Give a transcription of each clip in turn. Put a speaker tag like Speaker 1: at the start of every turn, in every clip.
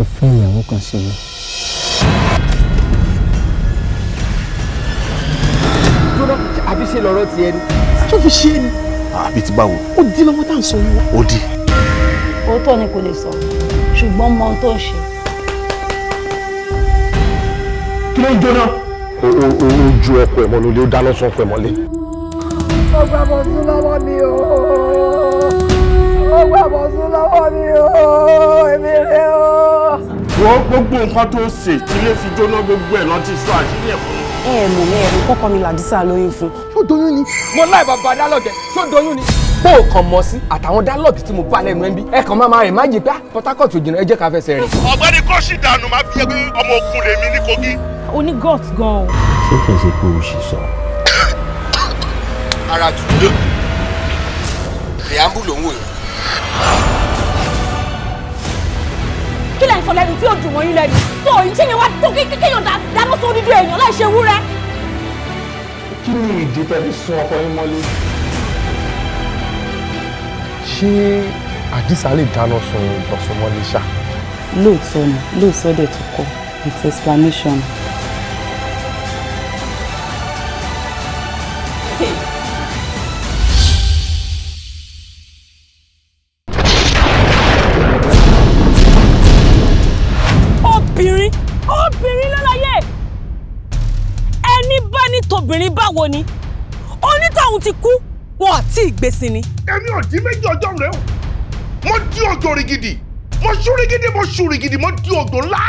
Speaker 1: láti fún ìyàwó kan sí mi.
Speaker 2: jọ́dọ̀ àfi ṣe
Speaker 3: lọ́rọ̀ tiẹ̀ ni. tó fi ṣe é ni. àbí ti báwo. ó di lọ́wọ́ tá à ń sọ wọn. ó di. òótọ́ ni kò lè sọ ṣùgbọ́n mọ ohun tó ń ṣe. kí ló ń jóná. o o ju ọkọ ẹ mọ́lẹ̀ o dáná sun ọkọ ẹ mọ́lẹ̀.
Speaker 1: ọgbà mọ̀ sí lọ́wọ́ mi o
Speaker 3: lọ́wọ́ mi o èmi rẹ o. wo gbogbo nǹkan tó ṣe tí ilé fi jóná gbogbo ẹ̀ lọ́tí sọ àṣírí ẹ̀ fún mi.
Speaker 4: ẹ mọ̀ ní ẹ̀rù kọ́kọ́ mi làdísà lóyún fún. ṣó doyún ni.
Speaker 3: mo láì bàbá dálọ́jẹ ṣó doyún ni bó o kàn mọ̀ sí àtàwọn dálọ́ọ̀gì tí mo bá lẹ́nu ẹ̀ ń bí ẹ kàn máa máa rìn má jẹ pé ah, Port Harcourt ò jìnnà ẹ jẹ́ ká fẹsẹ̀ rìn. ọ̀gbẹ́ni kọ́ṣì dànù máa fi ẹgbẹ́ ọmọ òkun lèmi ní Kogi. o ní gọ́t gan o.
Speaker 5: ṣé kìí ṣe pé o ṣì sọ.
Speaker 3: ara tùdó preamble lòun ò yàn
Speaker 5: kí lẹ̀ ń sọ lẹ́nu tí ò dùn wọ́nyí lẹ́nu tó òyìn ṣé ni wá tó kéèyàn dáná sọ dídú èèyàn láì ṣe wúrẹ́.
Speaker 3: kí ni ìdí tẹ́ fi sún ọkọ yín mọ́lé. ṣé àdìsá lè dáná sun ìbọ̀sùn mọ́lé ṣá.
Speaker 4: lóòótọ́ ni lóòótọ́ dẹ̀ tó kọ with explanation. obìnrin báwo ni onítọ̀hún ti kú wọn àti ìgbésí ni. èmi ò méjì ọjọ́ rẹ o mo
Speaker 3: dín ọjọ́ rigidi mo ṣú rigidi mo ṣú rigidi mo dín ọjọ́ ńlá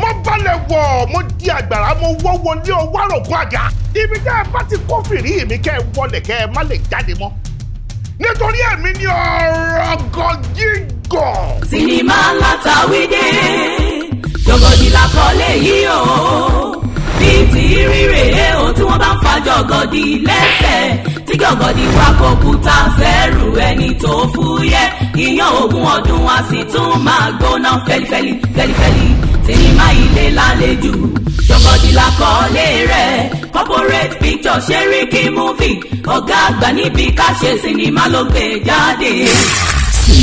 Speaker 3: mo balẹ̀ wọ̀ mo di àgbàrá mo wọ́ wọlé ọwọ́ àrògùn àga ibi tẹ́ ẹ bá ti kófìrí mi kẹ́ ẹ wọlé kẹ́ ẹ má lè jáde mọ́ nítorí ẹ̀mí ni ọ̀rọ̀
Speaker 2: gọ̀gígọ̀. sinimá látàwídé jọgọdì làkọlé yìí o tí rírè ehun tí wọ́n bá ń fa jọ̀gọ̀dì lẹ́sẹ̀ tí jọ̀gọ̀dì wa kò kúta fẹ́rù ẹni tó fúyẹ́ ìyàn ogún ọdún a sì tún máa gbóná fẹ́lifẹ́li fẹ́lifẹ́li sinimá ilé lálejò jọ̀gọ̀dì la kọ́lé rẹ̀ corporate picture ṣeríkì movie ọ̀gá àgbà níbi ká ṣe sinimá ló gbé jáde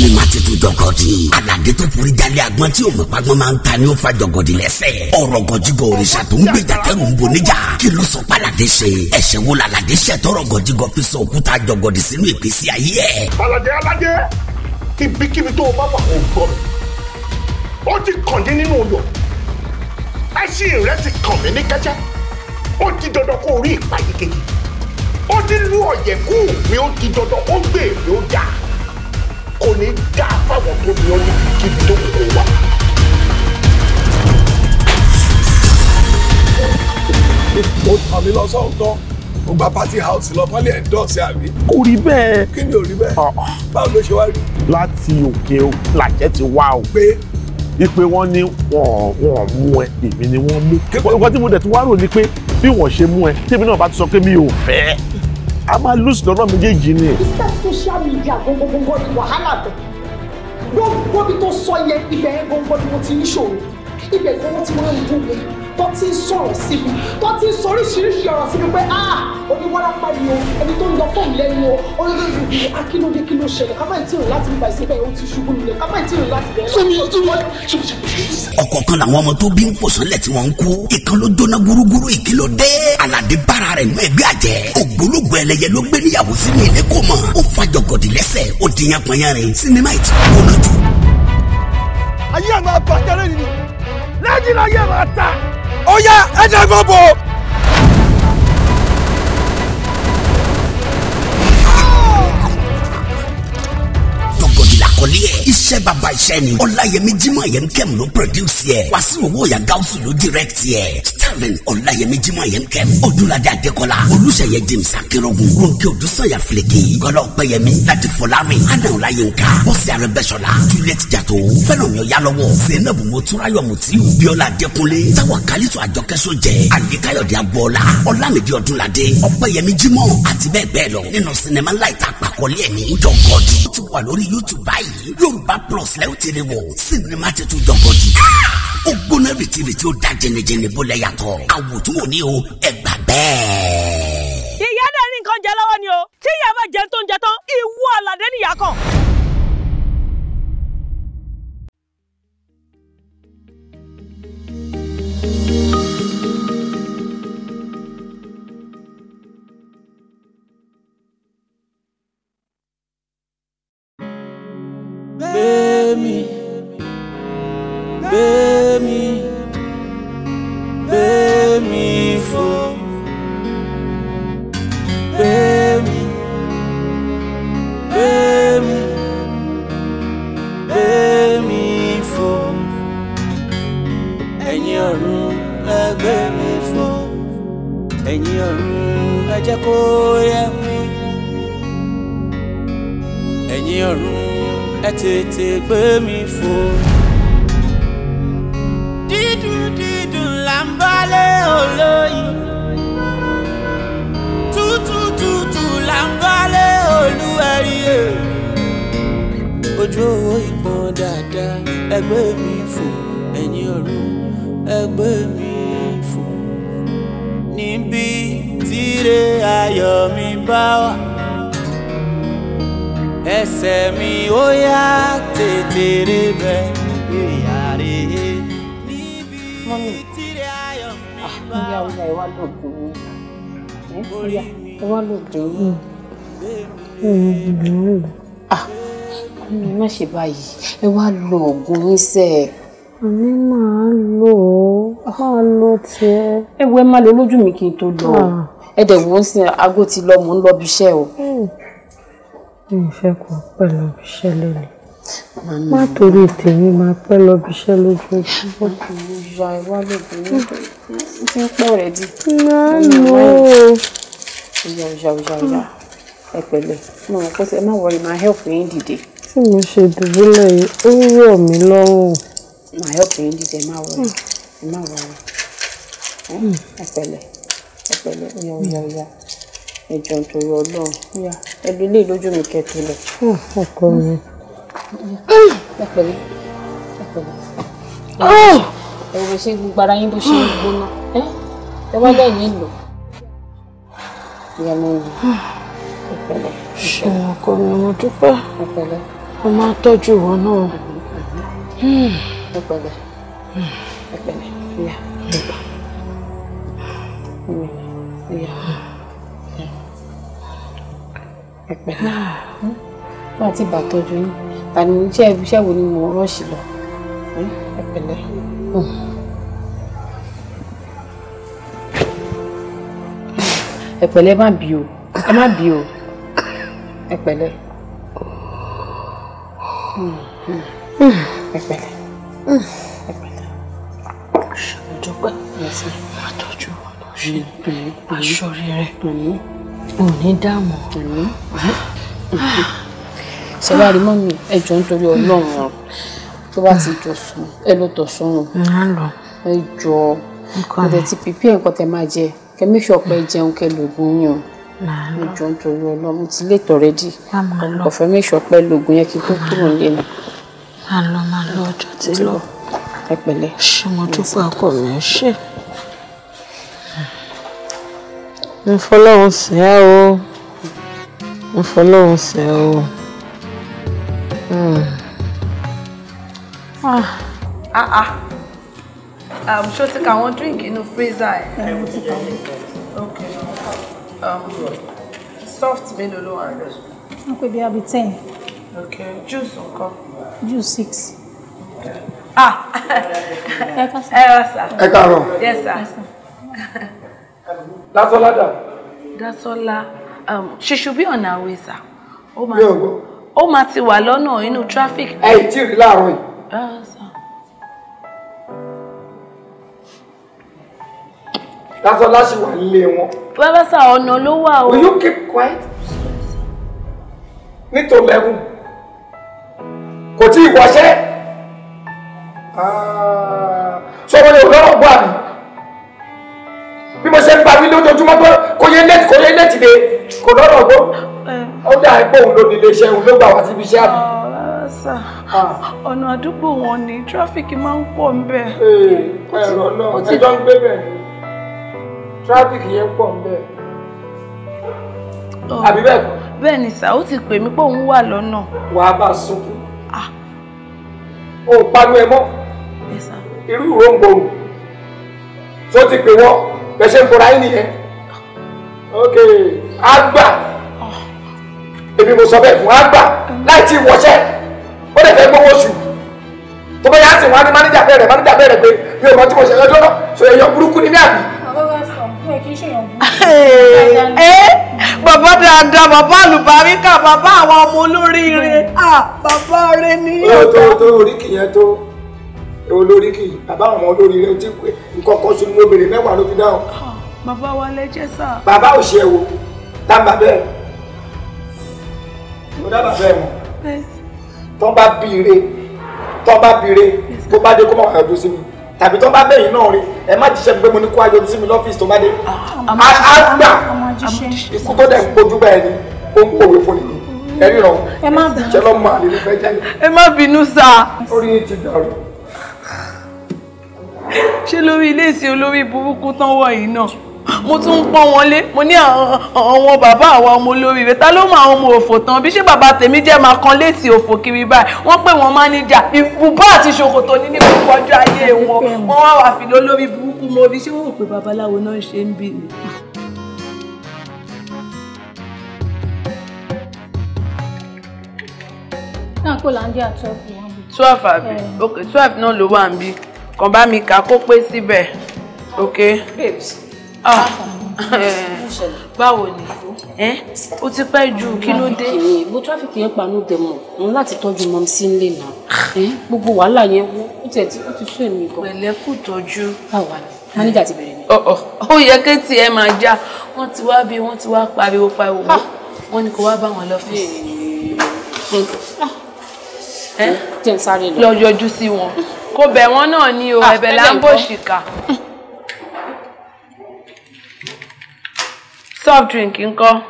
Speaker 2: ni màá ti tu jọgọdì. alade tó forí dalẹ̀ agbọ́n tí o mọ̀ pagbọ́n máa ń ta ni ó fa jọgọdì lẹ́sẹ̀. ọ̀rọ̀ gọ̀jígọ̀ òrìṣà tó ń gbé jàkẹ́rù ń bo níjà. kí ló sọ pé alade ṣe. ẹ̀ṣẹ̀ wo làlade ṣẹ̀ tọrọ gọ̀jígọ̀ fi sọ òkúta jọgọdì sínú ìpèsè ayé ẹ̀. alade alade ibikíbi
Speaker 3: tó o bá wà ó gbọ́ mi ó ti kàn dín nínú oyò ẹṣin rẹ ti kàn mí ní kẹ́kẹ́ ó di dandan kó rí ìpàdé kejì ó dín lú ọ̀yẹ̀kú mi ó di dandan ó gbé mi ó dáa kò ní dá fáwọn tó ní ọ níbi kíbi tó kò wá. ó tàn mí lọ sọ́ọ̀tàn ó gba party house lọ wọ́n lè endorse àbí. kò rí bẹ́ẹ̀. kí ni ò rí bẹ́ẹ̀. Ah, ah. báwo ló ṣe wá rí. láti òkè làjẹ́ ti wá o. pé ipe wọ́n ní wọ́n wọ́n mú ẹ èmi ni wọ́n mú. nǹkan tí mo dẹ̀ tún wá rò ni pé bí wọ́n ṣe mú ẹ tèmi náà bá tún sọ pé mi ò fẹ́ a máa lose lọ́nà méjèèjì ni. iṣẹ́ social media gbogbogbò ni wàhálà bẹ̀ gbogbo ibi tó sọ yẹn ibẹ̀ gbogbo ni mo ti ń ṣòro ibẹ̀ gbogbo ti máa ń dùn mí tó ti ń sọ̀rọ̀ sí mi tó ti ń sọ oríṣiríṣi ọ̀rọ̀ sí mi pé ah oníwárápá ni o ẹni tó ń lọ fóònù lẹ́nu o olórí ah, akínúdé kí ló ṣẹlẹ̀ ká má ì tíì láti bá ìṣẹ́fẹ́ o ti ṣubú nílẹ̀ ká má ì tíì láti bẹ̀rẹ̀. sọmi ojú wọn.
Speaker 2: ọ̀kọ̀ọ̀kan làwọn ọmọ tó bí ń pòṣánlẹ̀ tí wọ́n ń kú ìkan ló jóná gúrúgúrú ìkìlọ̀ dé aládé bára rẹ̀ mú ẹgbẹ́ àjẹ́ ògbólógbò ẹlẹ́yẹ ló gbé níyàwó sínú ilé kó mọ̀ ó fàjọgọ̀dì lẹ́sẹ̀ ó di yan pọnyanrin sinimá ìtì kóná jù. ayé àwọn abàjẹ́ lẹ́yìn ni lẹ́yìn ayé àwọn ata
Speaker 3: ó yá ẹ dàgbọ́ bò.
Speaker 2: àkọlé ẹ̀ iṣẹ́ bàbá iṣẹ́ ni ọláyẹmí jimoh yẹn kẹ́mu ló produce yẹ wàsíù owó ìyá gáúsù ló direct yẹ starring ọláyẹmí jimoh yẹn kẹ́mu ọdúnladé adékọlá olùṣeyẹ james akérògùn ronke odúsọyà fìlẹkì gọlọ pẹyẹmí láti fọlámi anna ọláyẹnká bọ́sì arẹbẹsọlá juliet jato fẹlẹmi ọyálọwọ zainabu motúráyọ mutiu biola adékúnlé táwa kálítọ àjọkẹsọ jẹ àlékáyọdé agboola ọlámídìí ọdúnladé ọpẹyẹmí jimoh àti bẹ́ẹ̀ bẹ́ẹ̀ lọ nínú sinimá láìta àpàkọlé ẹ̀mí jọgọdì ti wà youtube báyìí yìí yorùbá plus lẹ́yìn tí ni wò sinimá ti tún jọ̀bọ̀ jù. ó gbóná rìtìrìtì ó da jẹnijẹni bó lẹ yàtọ̀ àwòtún òní o ẹgbà bẹ́ẹ̀. ìyá náà ní nǹkan
Speaker 5: jẹ lọ́wọ́ ni o tí ìyá bá jẹun tó ń jẹ tán ìwú ọ̀làdé nìyá kan. báyìí ẹ wá lo oògùn yín sẹ́ ẹ̀. àmì máa lò ó máa
Speaker 4: lò tiẹ̀. ẹ wo ẹ máa lo lójú mi kí n tó lọ o ah.
Speaker 5: ẹ dẹ̀ wò ó sin aago ti lọ mò ń lọ bíṣẹ́ o.
Speaker 4: Hmm. mi ò fẹ́ kó pẹ́ lọ bíṣẹ́ má torí tèmi máa pẹ́ lọ bíṣẹ́ lójoojúmọ́.
Speaker 5: ìyá ìwà lóbìnrin ti ń pọ̀ rẹ̀ di.
Speaker 4: máa lò ó.
Speaker 5: ìyá ìyá ìyá ìyá ẹ pẹ̀lẹ́ mo rò pé ẹ má wọrí máa help yín dìde
Speaker 4: tí mo ṣe dùbúlẹ̀ yìí ó rọ̀ mí lọ́rùn.
Speaker 5: màá yọ̀ pé dídẹ má wọlé ẹ má wọlé ẹ pẹ̀lẹ́ ẹ pẹ̀lẹ́ ọ̀yà ọ̀yà ọ̀yà ẹjọ nítorí Ọlọ́run ọ̀yà ẹbí ilé ìlójú mi kẹtù lẹ.
Speaker 4: Hmm, ọkọ mi. Hmm.
Speaker 5: ẹ pẹ̀lẹ́ ẹ pẹ̀lẹ́ ah! ẹ wọ ṣe gbogbo ara yín bó ṣe ń gbóná ẹ eh? ẹ wá lẹ́yìn nílò ìyá mi ń lò hmm. ẹ pẹ̀lẹ́. ọkọ mi mo dúpẹ́. ẹ mo máa tọ́jú wọn náà. ẹpẹlẹ ẹpẹlẹ ìyá ẹgbà mi ìyá ẹpẹlẹ wọn àti ìbá tọ́jú yín tani iṣẹ́ iṣẹ́ wo ni mo rọ́ọ̀ṣì lọ ẹpẹlẹ. ẹpẹlẹ má bí o ẹ má
Speaker 4: bí o ẹpẹlẹ ẹ̀pẹ̀lẹ́ ẹ̀pẹ̀lẹ́
Speaker 5: ṣàdúpẹ́ máa tọ́jú wọn lọ ṣe aṣọ rere ò ní dààmú. sẹ́wárí mọ́ mi ẹ̀jọ̀ nítorí ọlọ́run tó bá ti jọ sùn ẹ ló tọ̀ sọ́run ẹ jọ ọ̀dẹ̀ ti pípí ẹ̀kọ́ tẹ máa jẹ kẹ make sure pé jẹun kẹ lògùn yín o ìjọ ń torí ọlọ́run mo ti late already ọ̀fẹ́ mẹ́sọ̀ pẹ́ lóògùn yẹn kí n tó kúrò nílé ni. máa lọ máa lọ ọjọ́ ti lọ ẹ pẹ̀lẹ́ ṣé mo dúpẹ́ ọkọ mi ẹ ṣe.
Speaker 4: mo fọlọ́run sẹ́ ẹ́ o mo fọlọ́run sẹ́ ẹ́ o. Hmm. ah ah, ah. Um, ṣó ti ka àwọn
Speaker 5: drink inú freezer ẹ. ẹ eh, mo ti jẹ ẹ. Um, soft mélòó ló wà Okay, wọ́n pè bí i ten. ok juice nǹkan. juice six. ah ẹ ká sà. ẹ káàárọ̀. yes sir. Dasola dà. Dasola um, she should be on her way sir. ó máa ó máa ti wà you know traffic. Hey, chill, tí ì rí láàárọ̀ yìí. Ah,
Speaker 3: Dasola ṣì wà nílé wọn
Speaker 5: rárá sà ọ̀nà ló wà o. will you
Speaker 3: keep quiet? nítòlẹ́gùn kò tí ì wọṣẹ́ sọ́wọ́n ah, ni olóró gbọ́ àmì bí mo ṣe ń bá wí lójoojúmọ́ pé kò yé nẹ́ẹ̀tì kò yé nẹ́ẹ̀tì de kò lọ́rọ̀ gbọ́ ó dà pé òun ló ní iléeṣẹ́ òun ló gbà wá síbi iṣẹ́ àmì.
Speaker 5: Ah, sà ah. ọ̀nà àdúgbò wọn ni tráfíkì máa ń pọ̀ ń bẹ̀. Eh, ẹ̀rọ náà ẹjọ́ ń gbé bẹ̀ traffic yẹn pọ̀ ń bẹ̀. Oh. àbí bẹ́ẹ̀ kọ́. bẹ́ẹ̀ ni sà ó ti pè mí pé òun wà lọ́nà. wàá bá a sunkún. Ah. o ò panu ẹ mọ́. irú ìròǹgbòrò
Speaker 3: tó ti pè wọ́n bẹ́ẹ̀ ṣe ń bora yín nìyẹn. ok àgbà ah. èmi mo sọ bẹ́ẹ̀ fún àgbà mm. láì tí ì wọṣẹ́ ó lè fẹ́ gbówó oṣù tó bá yá sí wọn á ní máníjà bẹ́ẹ̀ rẹ̀ máníjà bẹ́ẹ̀ rẹ̀ pé mi ò mọ tí mo ṣe ẹjọ́ sọ èèyàn
Speaker 5: burúkú ní ní àbí. Eh, eh, bàbá dáadáa bàbá àlùbáríkà bàbá àwọn ọmọ olóríire bàbá ah, rẹ ni. tó
Speaker 3: tó oríkì yẹn tó olóríkì bàbá àwọn ọmọ olóríire ti pé nǹkan kan sunu lóbìnrin mẹ́wàá ló fi dáhùn.
Speaker 5: Ah, bàbá wa lẹ́jẹ̀ sá.
Speaker 3: bàbá ò ṣe ẹ̀wò tá n bà bẹ́ẹ̀ mo dábàá bẹ́ẹ̀ mọ́ tọ́ bá bìire tọ́ bá bìire tó bá dé kó má wà sí mi tàbí tó bá bẹ̀yìn náà rí ẹ má jíṣẹ́ pé mo ní kó ayọ̀ sí mi lọ́fíìsì tó bá dé á ah, gbà ikú tó dẹ̀ ń gbójú bẹ́ẹ̀ ni ó ń pòwe fún mi ẹ ríran ṣe lọ́ mọ àlè ló fẹ́ jáde. ẹ má bínú
Speaker 5: sá. orí yín ti dàrú. ṣé lórí ilé ìsìn olórí burúkú tán wọ̀nyí náà mo tún ń pọ́n wọn lé mo ní àwọn bàbá àwa ọmọ olórí rẹ̀ ta ló mọ àwọn ọmọ òfò tán bí ṣé bàbá tèmi jẹ́ máa kan létí òfò kiri báyìí wọ́n pè wọ́n máníjà ìbùbá àti ṣòkòtò ní ní gbogbo ọjọ́ ayé wọn wọ́n wá wà fìlẹ̀ olórí burúkú mo rí ṣé wọ́n rò pé babaláwo náà ń ṣe ń bì ní. náà kò láńdí àtọ́fù wọn. twelve àbí ok twelve náà ló wà ń bí kàn bá mi kà kó pé síbẹ̀ ok. babes Ah. báwo ni ẹ eh, o eh? ti pẹ́ ju kí ló dé. bó tráfíkì yẹn panú dẹ̀mọ̀ mo ń láti tọ́jú mọ́ sí ilé náà eh? gbogbo wàhálà yẹn wú ó tiẹ̀ tí ó ti sún èmi gan. pẹ̀lẹ́ kò tọ́jú. báwa ni mánéjà ti bẹ̀rẹ̀ mi. Oh, oh, ó yẹ kí tiẹ̀ máa já wọ́n ti wá bí wọ́n ti wá pariwo pariwo wọ́n ní kó wá bá wọn lọ́fíìsì jẹ́ ń sáré lọ. lọ yọjú sí wọn kò bẹ̀ wọ́n náà ní o ẹ̀bẹ̀ là ń bò ṣìkà soft drink ńkọ́.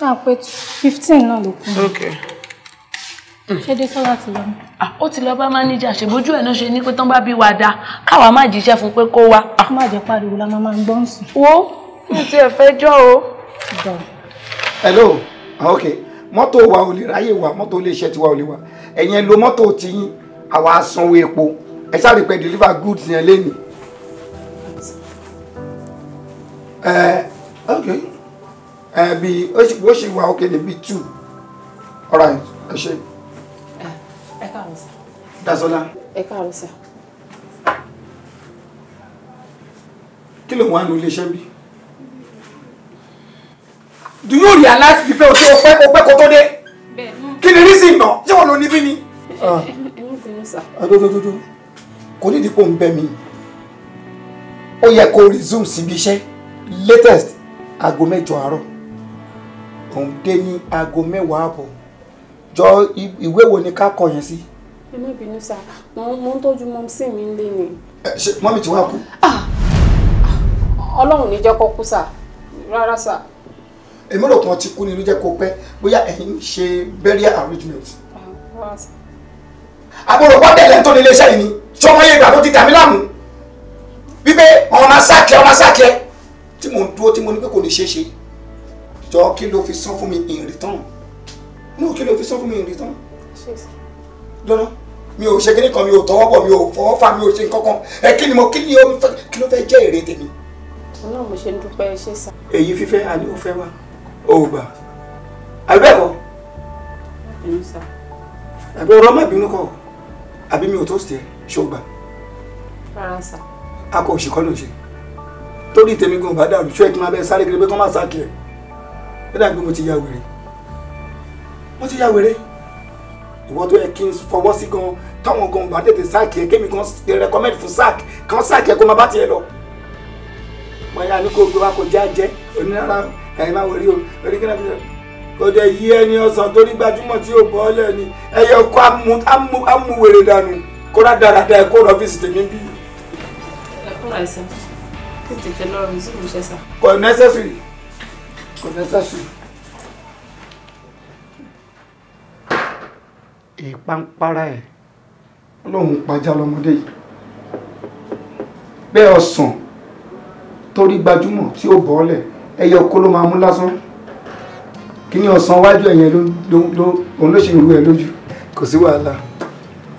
Speaker 5: náà ah, pé fifteen náà ló kún. ṣé dé sọ́lá ti lọ. Ah, ó ti lọ bá máníjà ṣèbójú ẹ̀ náà ṣe ní pé tán bá bí wa dá káwa má jíṣẹ́ fún pé kó wá. kó ah. má jẹ́ pariwo la máa máa ń gbọ́ ń sùn. wo mi ti ẹ̀ fẹ́ jọ́ o.
Speaker 3: hello ok mọ́tò wa ò lè ráyè wa mọ́tò iléeṣẹ́ tiwa ò lè wa ẹ̀yin ẹ lo mọ́tò tiyín àwa sanwó epo ẹ ṣáà rí pé deliver goods yẹn lẹ́nu okay ẹ eh, bí ó ṣe ó ṣe wà ókè níbi two all right ẹ ṣe. Eh, ẹ káàárọ̀ sir. Dasola. ẹ káàárọ̀ sir. kí ló ń wá nu iléeṣẹ́ bí. do you realize bí pé o ṣe o pẹ́ o pẹ́ kó tó dé. kí ni rí sí ìnà ṣé wọn lò níbí ni. ẹ eh, ah.
Speaker 5: wọ́n bínú sá.
Speaker 3: àdódódódó ah, kò ní ìdìpọ̀ ń bẹ mi ó yẹ kó resume síbi iṣẹ́ latest aago mẹ́jọ àárọ̀ òun dé ní aago mẹ́wàá àbọ̀ jọ ìwé wo ni ká kọ yẹn sí.
Speaker 5: ẹ má bínú sá mo ń tọ́jú mọ́mísì mi lé ni.
Speaker 3: ṣe mọ́mì tí wọ́n á kú. Ah, ah,
Speaker 5: ọlọ́run ní jẹ́ kó kú sá rárá sá.
Speaker 3: èmi rò kàn ti kú ni ló jẹ́ kó pẹ́ bóyá ẹ̀yin ṣe burial arrangement.
Speaker 5: Ah, àbúrò wọ́n tẹ̀lé ń tó ní
Speaker 3: iléeṣẹ́ yìí ni tí ọmọ yẹn ìgbà tó ti dà mí láàmú wípé ọ̀nà sákẹ́ ọ̀nà sákẹ́ tí mo dúró tí mo ní pé kò lè ṣeé ṣe jọ kí ló fi san fún mi in return ní kí ló fi san fún mi in return lọ́nà mi ò ṣe kí ni kan mi ò tọwọ́ bọ̀ mi ò fọwọ́ fà mi ò ṣe nǹkan kan ẹ kí ni mo kí ni omi fẹ́ kí ló fẹ́ jẹ́ èrè tèmi.
Speaker 5: ọlọ́run mo ṣe ń dúpẹ́ ṣé sá.
Speaker 3: èyí fífẹ́ àní ò fẹ́ wá ò gbà àbẹ́ẹ̀kọ́ àbí ọ̀rọ̀ má bínú kọ́ àbí mi ò tó ṣe ṣó gbà. a kò ṣìkọ́ ló ṣe torí tèmi gan bá dàrú ṣé kí n máa bẹ sáré kiri pé kán má sáàkì ẹ ẹ dàbí pé mo ti ya wèrè mo ti ya wèrè ìwọ tó yẹ kí n fọwọ́ sí gan táwọn gan bá tètè sáàkì ẹ kémi gan recommend fún sáàkì kan sáàkì ẹ kó máa bá tiẹ̀ lọ wọn yà ní kó gbé wa kó já jẹ onírara ẹ̀yin máa wẹrí o wẹrí kí náà fi kò dé yí ẹni ọsàn torí gbajúmọ̀ tí yóò bọ́ ọ́lẹ̀ ni ẹ̀yẹ ọkọ̀ amúwèrè dànù kó rà dáradá ẹ̀ kó rọ́fíìsì tèmi bí.
Speaker 5: ẹ kúrò àìsàn kí n tètè lọ rí sí ìmúṣẹ sá. kò necessary kò necessary.
Speaker 3: ìpampara ẹ̀ lòun pàjá lọmọdé yìí bẹ́ẹ̀ ọ̀sán torí gbajúmọ̀ tí ó bọ́ ọ́lẹ̀ ẹyẹ ọkọ ló máa mú lásán kí ni ọ̀sán wájú ẹ̀yẹn òun ló ṣe ìrú ẹ lójú. kò sí wàhálà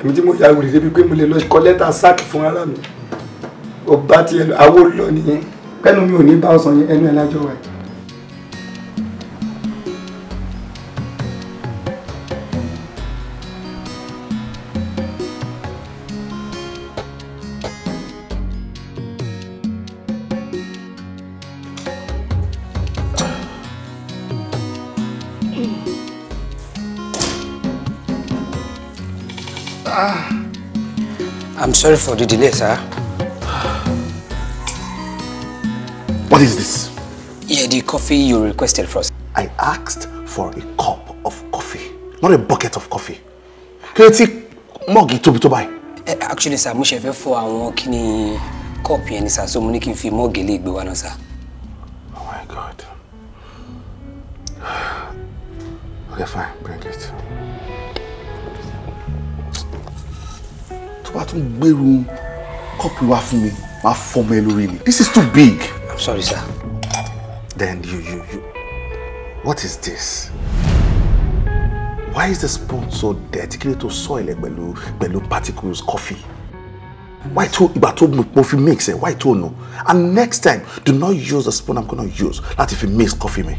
Speaker 3: èmi tí mo yà wèrè débi pé mo lè lọ kọ lẹ́tà sáàkì fún ara mi ó bá tiẹ̀ lọ àwo lọ nìyẹn kẹ́nu mi ò ní bá ọ̀sán yẹn ẹnu ẹ̀ lájọ́ wa ah,
Speaker 5: I'm sorry for the delay, sir.
Speaker 3: What is this? Yeah, the coffee you requested for I asked for a cup of coffee, not a bucket of coffee. Kí ló tí to tóbi tó báyìí? Eh, actually sir, I'm sure fẹ́ fọ àwọn kíní kọ́ọ̀pù yẹn ni sir, so mo ní kí n fi mọ́ọ̀gì lè sir. Oh my God. Okay, fine, bring it. To bá tún gbèrú kọ́ọ̀pù wá me? My formal really. This is too big. I'm sorry, sir. Then you, you, you... What is this? Why is the spoon so dirty? Kí ló soil ẹ̀ pẹ̀lú particles coffee? Why tó ìgbà tó mo fi mix ẹ̀? Why tó no? And next time, do not use the spoon I'm gonna use if it makes coffee me.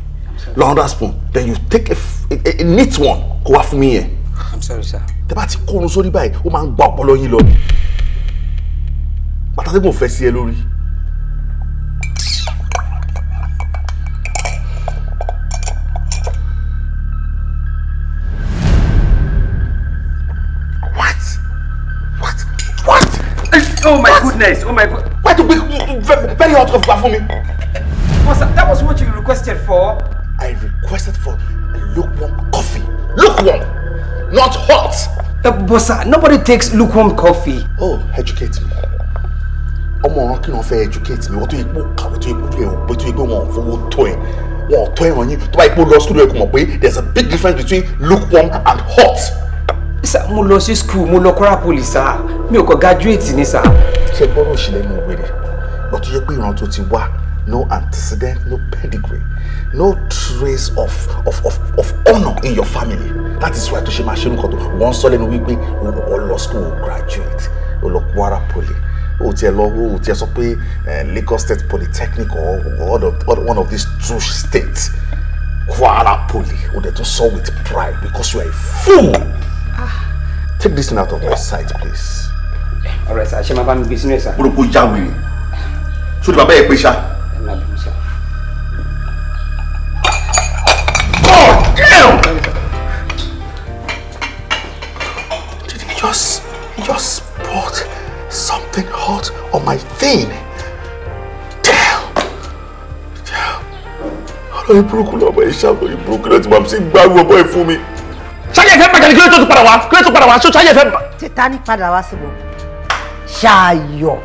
Speaker 3: Another spoon, then you take a, a, a neat one kó wá fún I'm sorry, sir. The bá ti kórun sórí báyìí, ó máa ń gba ọpọlọ yín lọ. Bàtà tẹ́gbọ̀n fẹ́ sí business. Oh my God. Why to be very hot of for me? Boss, that was what you requested for. I requested for lukewarm coffee. Lukewarm, not hot. Uh, boss, nobody takes lukewarm coffee. Oh, educate me. I'm ọ̀ràn kí wọn fẹ́ educate mi wọ́n tó yẹ kó kàwé tó you kó what òpè tó yẹ what wọn ò fowó tó ẹ̀ wọn ò tó ẹ̀wọ̀n yín tó bá yẹ kó lọ a big difference between lukewarm and hot sá mo lọ sí skul mo lọ kọ́ra poli sá mi ò kọ́ graduate ni sá. ṣe gbọ́dọ̀ ṣẹlẹ̀ mú wèrè bó ti yẹ pé ìran tó ti wá no antecedent no pedigree no trace of of of of honour in your family that is why tó ṣe máa ṣe nǹkan tó wọ́n sọ lẹ́nu wípé o lọ skul o graduate o lọ kwara poli o tiẹ̀ lọ o tiẹ̀ sọ pé eh, Lagos State Polytechnic or, one of these two states kwara poli o dẹ̀ tún sọ with pride because you are a fool. Take this thing out of my sight, please. All right, sir. I shall bá mi gbé sínú ẹ̀ sá? Orúkọ já wèrè. Ṣé o ti bàbá yẹ pé ṣá? Ẹ máa bínú
Speaker 5: God damn! Did he
Speaker 3: just, he just put something hot on my thing? Damn! Damn! Ọlọ́yin burúkú lọ́mọ ìṣàlọ́yin burúkú lọ́tí máa ń ṣe gbárù ọbọ̀ ẹ̀ fún mi ṣáyẹ̀ fẹ́ bàjẹ́ ni kí ló tó tún padà wá kí ló tó padà wá ṣó ṣáyẹ̀ fẹ́.
Speaker 1: títa ní padà wá síbò ṣàyọ̀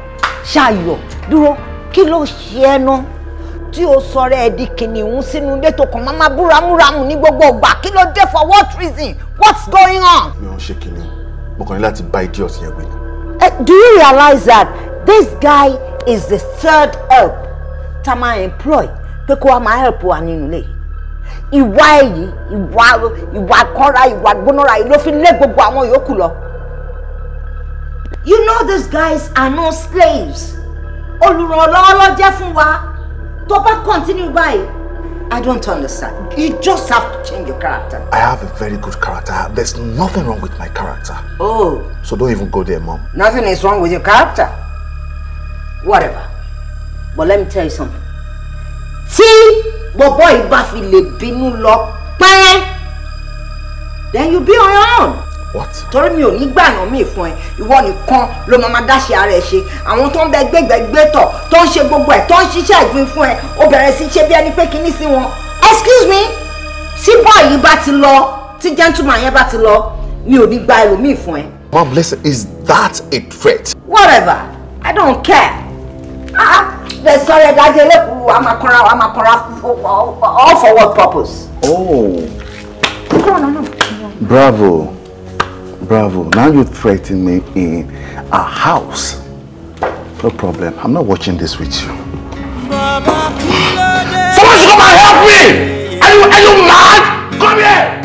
Speaker 1: ṣàyọ̀ dúró kí ló ṣe ẹ́ ná tí o sọ̀rọ̀ ẹ̀ di kìnìún sínú ilé tó kàn máa búramúramù ní gbogbo ọgbà kí ló dé for what reason what's going on.
Speaker 3: mi ò ń ṣe kìnìún mo kàn ní láti bá idiot yẹn gbé ni.
Speaker 1: Eh, do you realize that this guy is the third help tá a máa employ pé kó a máa help wa nínú ilé yìí ìwà èyí ìwà ìwà kanra ìwà gbónára yìí ló fi lé gbogbo àwọn yòókù lọ. you know these guys are no slaves olùrànlọ́wọ́ ló jẹ́ fún wa tó bá continue báyìí. I don't understand. You just have to change your character.
Speaker 3: I have a very good character. There's nothing wrong with my character. Oh. So don't even go there, Mom.
Speaker 1: Nothing is wrong with your character. Whatever. But let me tell you something. See? bọ́bọ́ yìí bá fi lè bínú lọ pẹ́ẹ́ then you be on your own. what. torí mi ò ní gbàànà mi fún ẹ ìwọ nìkan ló máa ma dáṣe ara ẹ ṣe àwọn tó ń bẹ gbẹgbẹgbẹ tọ tó ń ṣe gbogbo ẹ tó ń ṣiṣẹ́ ìgbín fún ẹ ó bẹ̀rẹ̀ sí ṣe bí ẹni pé kinní sí wọn. excuse me tí bọ́ọ̀ yìí bá ti lọ tí gentleman yẹn bá ti lọ mi ò ní gba ẹlòmíì fún ẹ.
Speaker 3: mom listen is that a threat.
Speaker 1: whatever i don't care the sorry dájú look. I'm a corrupt. I'm a corrupt. all for what purpose.
Speaker 3: oh no, no, no. bravo bravo now you threaten me in a house no problem i'm not watching this with you. someone
Speaker 6: should come and help me are you are you mad
Speaker 1: come
Speaker 5: here.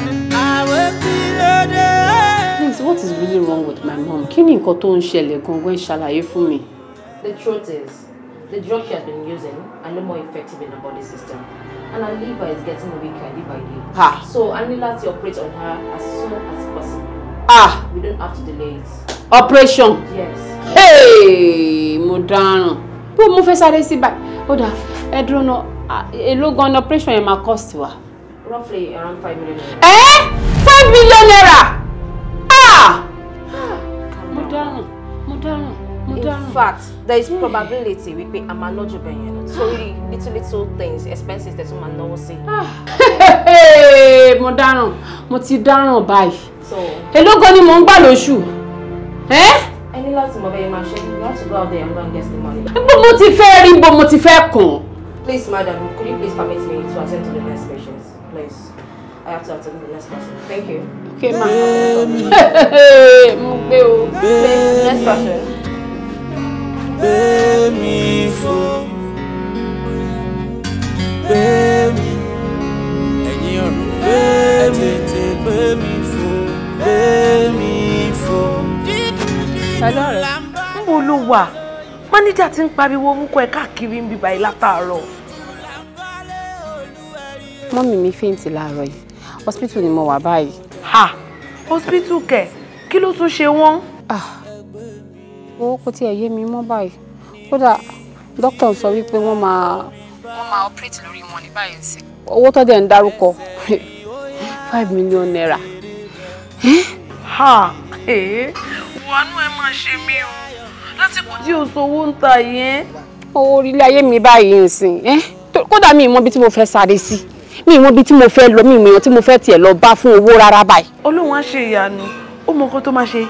Speaker 5: Please, What is really wrong with my mom? Kí ni nǹkan tó ń ṣẹlẹ̀ gan-an ṣàlàyé fún mi? The truth is, The drug she has been using are no more effective in her body system, and her liver is getting weaker day by day. Ah. So I need to operate on her as soon as possible. Ah. We don't have to delay it. Operation. Yes. Hey, mo dáràn. Bó mo fẹ́ sáré sí báyìí? Ó dà ẹ dúró náà èló gan ni operation yẹn máa cost wa. Roughly around five million naira. Ẹ́ five million naira! Ah! ah mo dáràn, mo dáràn in fact there is probability wípé a máa lọ́jọ́ Sorry, little little things expenses that tẹ̀sán máa see. Hey, mo dáràn mo ti dáràn báyìí elógo ni mò ń gbà lóṣù. ẹ ní láti mọ bẹ́ẹ̀ máa ṣe you want to go out there and go and get the money. But mo ti fẹ́ rí bó mo ti fẹ́ kàn. please madam could you please permit me to attend to the next patient please i have to attend to the next person thank you. okay ma. mo gbé o. next person. Gbé mi fò.
Speaker 6: Gbé mi. Ẹ̀yin ọ̀run gbé mi. Tètè gbé mi fò.
Speaker 5: Gbé mi fò. Ṣàlọ́ rẹ̀, ń wo ló wà? Máníjà ti ń pariwo orúkọ ẹ káàkiri ń bíbá ẹ látàárọ̀. Mọ́mì mi fèǹtì láàárọ̀ yìí, hospital ni mo wà báyìí. Ha! Hospital kẹ̀, kí ló tún ṣe wọ́n? Ah! ó kò tiẹ̀ yé mi mọ́ báyìí kódà dókítà sọ wípé wọ́n máa wọ́n máa operate lórí wọn ní báyìí sí. owó tó dẹ̀ ń dárúkọ five million naira. wàánú ẹ máa ṣe mí o lásìkò tí o sanwó ń ta yẹn. owó orílé ayé mi báyìí ń sìn kódà mi mọ ibi tí mo fẹ́ sáré sí mi mọ ibi tí mo fẹ́ lọ mi mọ èèyàn tí mo fẹ́ tiẹ̀ lọ bá fún owó rárá báyìí. Ọlọ́run á ṣe ìyanu ó mọ nǹkan tó máa ṣe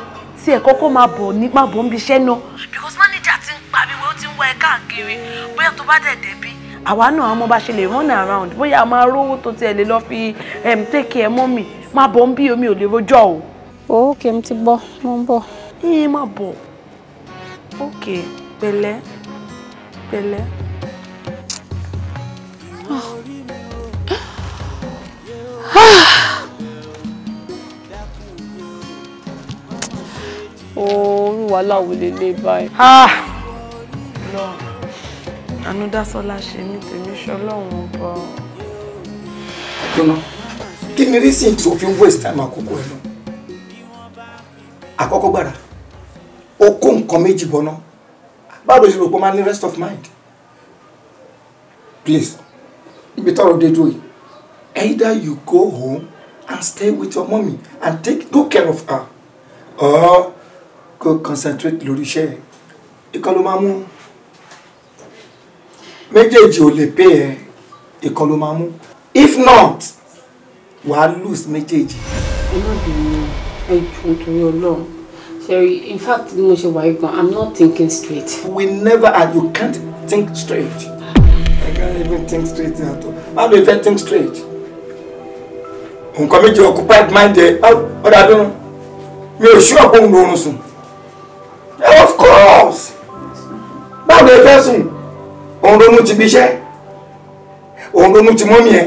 Speaker 5: tí ẹ kọ́kọ́ máa bọ̀ ní máa bọ̀ ń bi iṣẹ́ náà. because manager ti ń pariwo ó ti ń wá ẹ káàkiri bóyá tó bá dẹ̀ débi. àwa náà àwọn ọba ṣe lè run around bóyá a máa rówó tó tiẹ̀ lè lọ fi take care mọ́mì máa bọ̀ ń bí omi ò lè rojọ́ o. òkè mi ti gbọ́ mo ń bọ̀. yín máa bọ̀ òkè pẹ̀lẹ́ pẹ̀lẹ́. Ah. oorun wàhálà wò lè lè báyìí. ànúdásọ́lá ṣe ní tèmi ṣọlọ́run ọba.
Speaker 3: dúnà kí ni rísìn tí o fi ń waste time àkókò ẹ lọ àkọ́kọ́ gbàrà o kó nǹkan méjì bọ́ná come ló ṣe rò pé o máa rest of mind please ibi tọrọ dé dúró yìí either you go home and stay with your mommy and take good care of her or kó concentrate lórí iṣẹ́ ẹ̀ ìkan ló máa mú méjèèjì ò lè pay ẹ ìkan ló máa if not
Speaker 5: wàá lose méjèèjì. in fact bí mo ṣe wà yìí i'm not thinking straight. we never and you can't think straight. i can't even think straight at all. how do you think straight?
Speaker 3: nǹkan méjì occupied mind ẹ ọ̀dà dúró mi ò ṣú ọ̀pọ̀ òun lórun sùn of course báwo lè fẹ́ sùn òun ronú ti bí òun ronú ti mọ́mí ẹ̀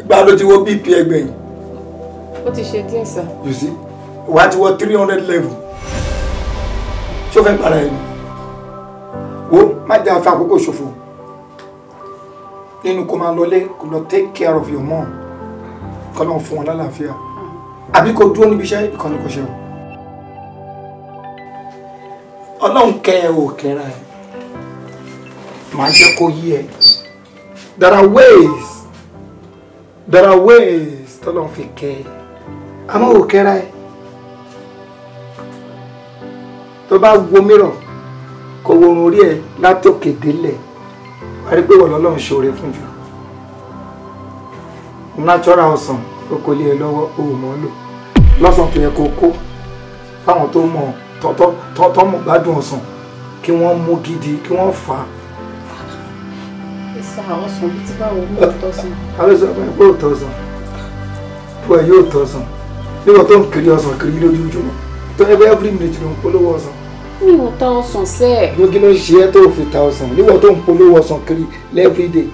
Speaker 3: ìgbà ló ti wọ bp ẹgbẹ̀yìn.
Speaker 5: ó ti ṣe díẹ̀ sá.
Speaker 3: you see wàá ti wọ three hundred level ṣó fẹ́ para ẹ̀ wo má jẹ́ àfi àkókò ṣòfò nínú kó máa lọlé kó lọ take care of your mom kọ́ lọ́n fún wọn lálàáfíà àbí kó dúró níbi iṣẹ́ ìkànnì kò ṣe o ọlọ́run kẹ ẹ ò kẹra ẹ màá jẹ́ kó yí ẹ there are ways there are ways tọ́lọ́run fi kẹ ẹ àmọ́ ò kẹra ẹ tó bá wo mìíràn kò wo orun orí ẹ látòkè délẹ̀ wà á rí pé wọ́n lọ́lọ́run ṣoore fún jù natural ọsàn kókó lé ẹ lọ́wọ́ òun mọ́ lò lọ́sàn tó yẹ kó kó fáwọn tó mọ̀ ọ́ tọ́mù gbádùn ọsàn kí wọ́n mú gidi kí wọ́n fà á.
Speaker 5: ìsà ọsàn bíi ti báwo mú òtọ́sàn.
Speaker 3: alẹ́sọ̀ ọmọ ẹgbẹ́ òtọ́sàn tó ẹ yóò tọ́sàn nígbà tó ń kiri ọsàn kiri lójoojúmọ́ tó ẹgbẹ́ every minute ló ń polówó ọsàn.
Speaker 5: mi ò ta ọsàn sẹ́ẹ̀.
Speaker 3: lókè ló ń ṣe é tó fi ta ọsàn nígbà tó ń polówó ọsàn kiri every day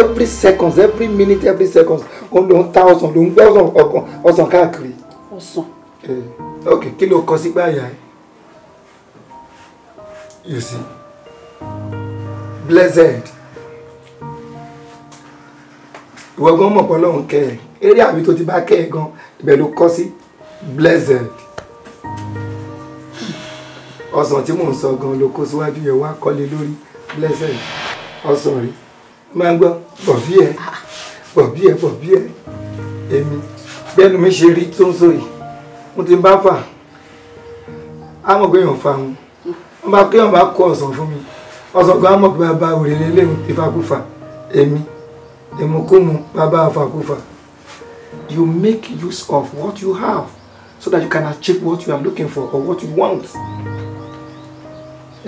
Speaker 3: every second every minute every second òun ló ń ta ọsàn ló ń gbé ọsàn ọkàn ọsàn káàkiri. ọsàn. Eh, ok kí ló kọ sí gbáyà ẹ. You see, blessed. We are going to call on ẹ̀. Eré we talk about bá kẹ́ ẹ̀ gan, ibẹ̀ Blessed. kọ́ sí blessed. Ọsàn tí mò ń sọ gan you want. Call yẹn wá blessed. Oh sorry. My God. For bọ̀bí For bọ̀bí For bọ̀bí Amen. Then we mi ṣe rí tó ń sọ yìí mo ti bá fà á n bá kéèyàn bá kó ọ̀sán fún mi ọ̀sán kan mọ̀ pé bàbá òrèlè lè ìfakúfà èmi èmukúmu bàbá àfakúfà. You make use of what you have so that you can achieve what you are looking for or what you want.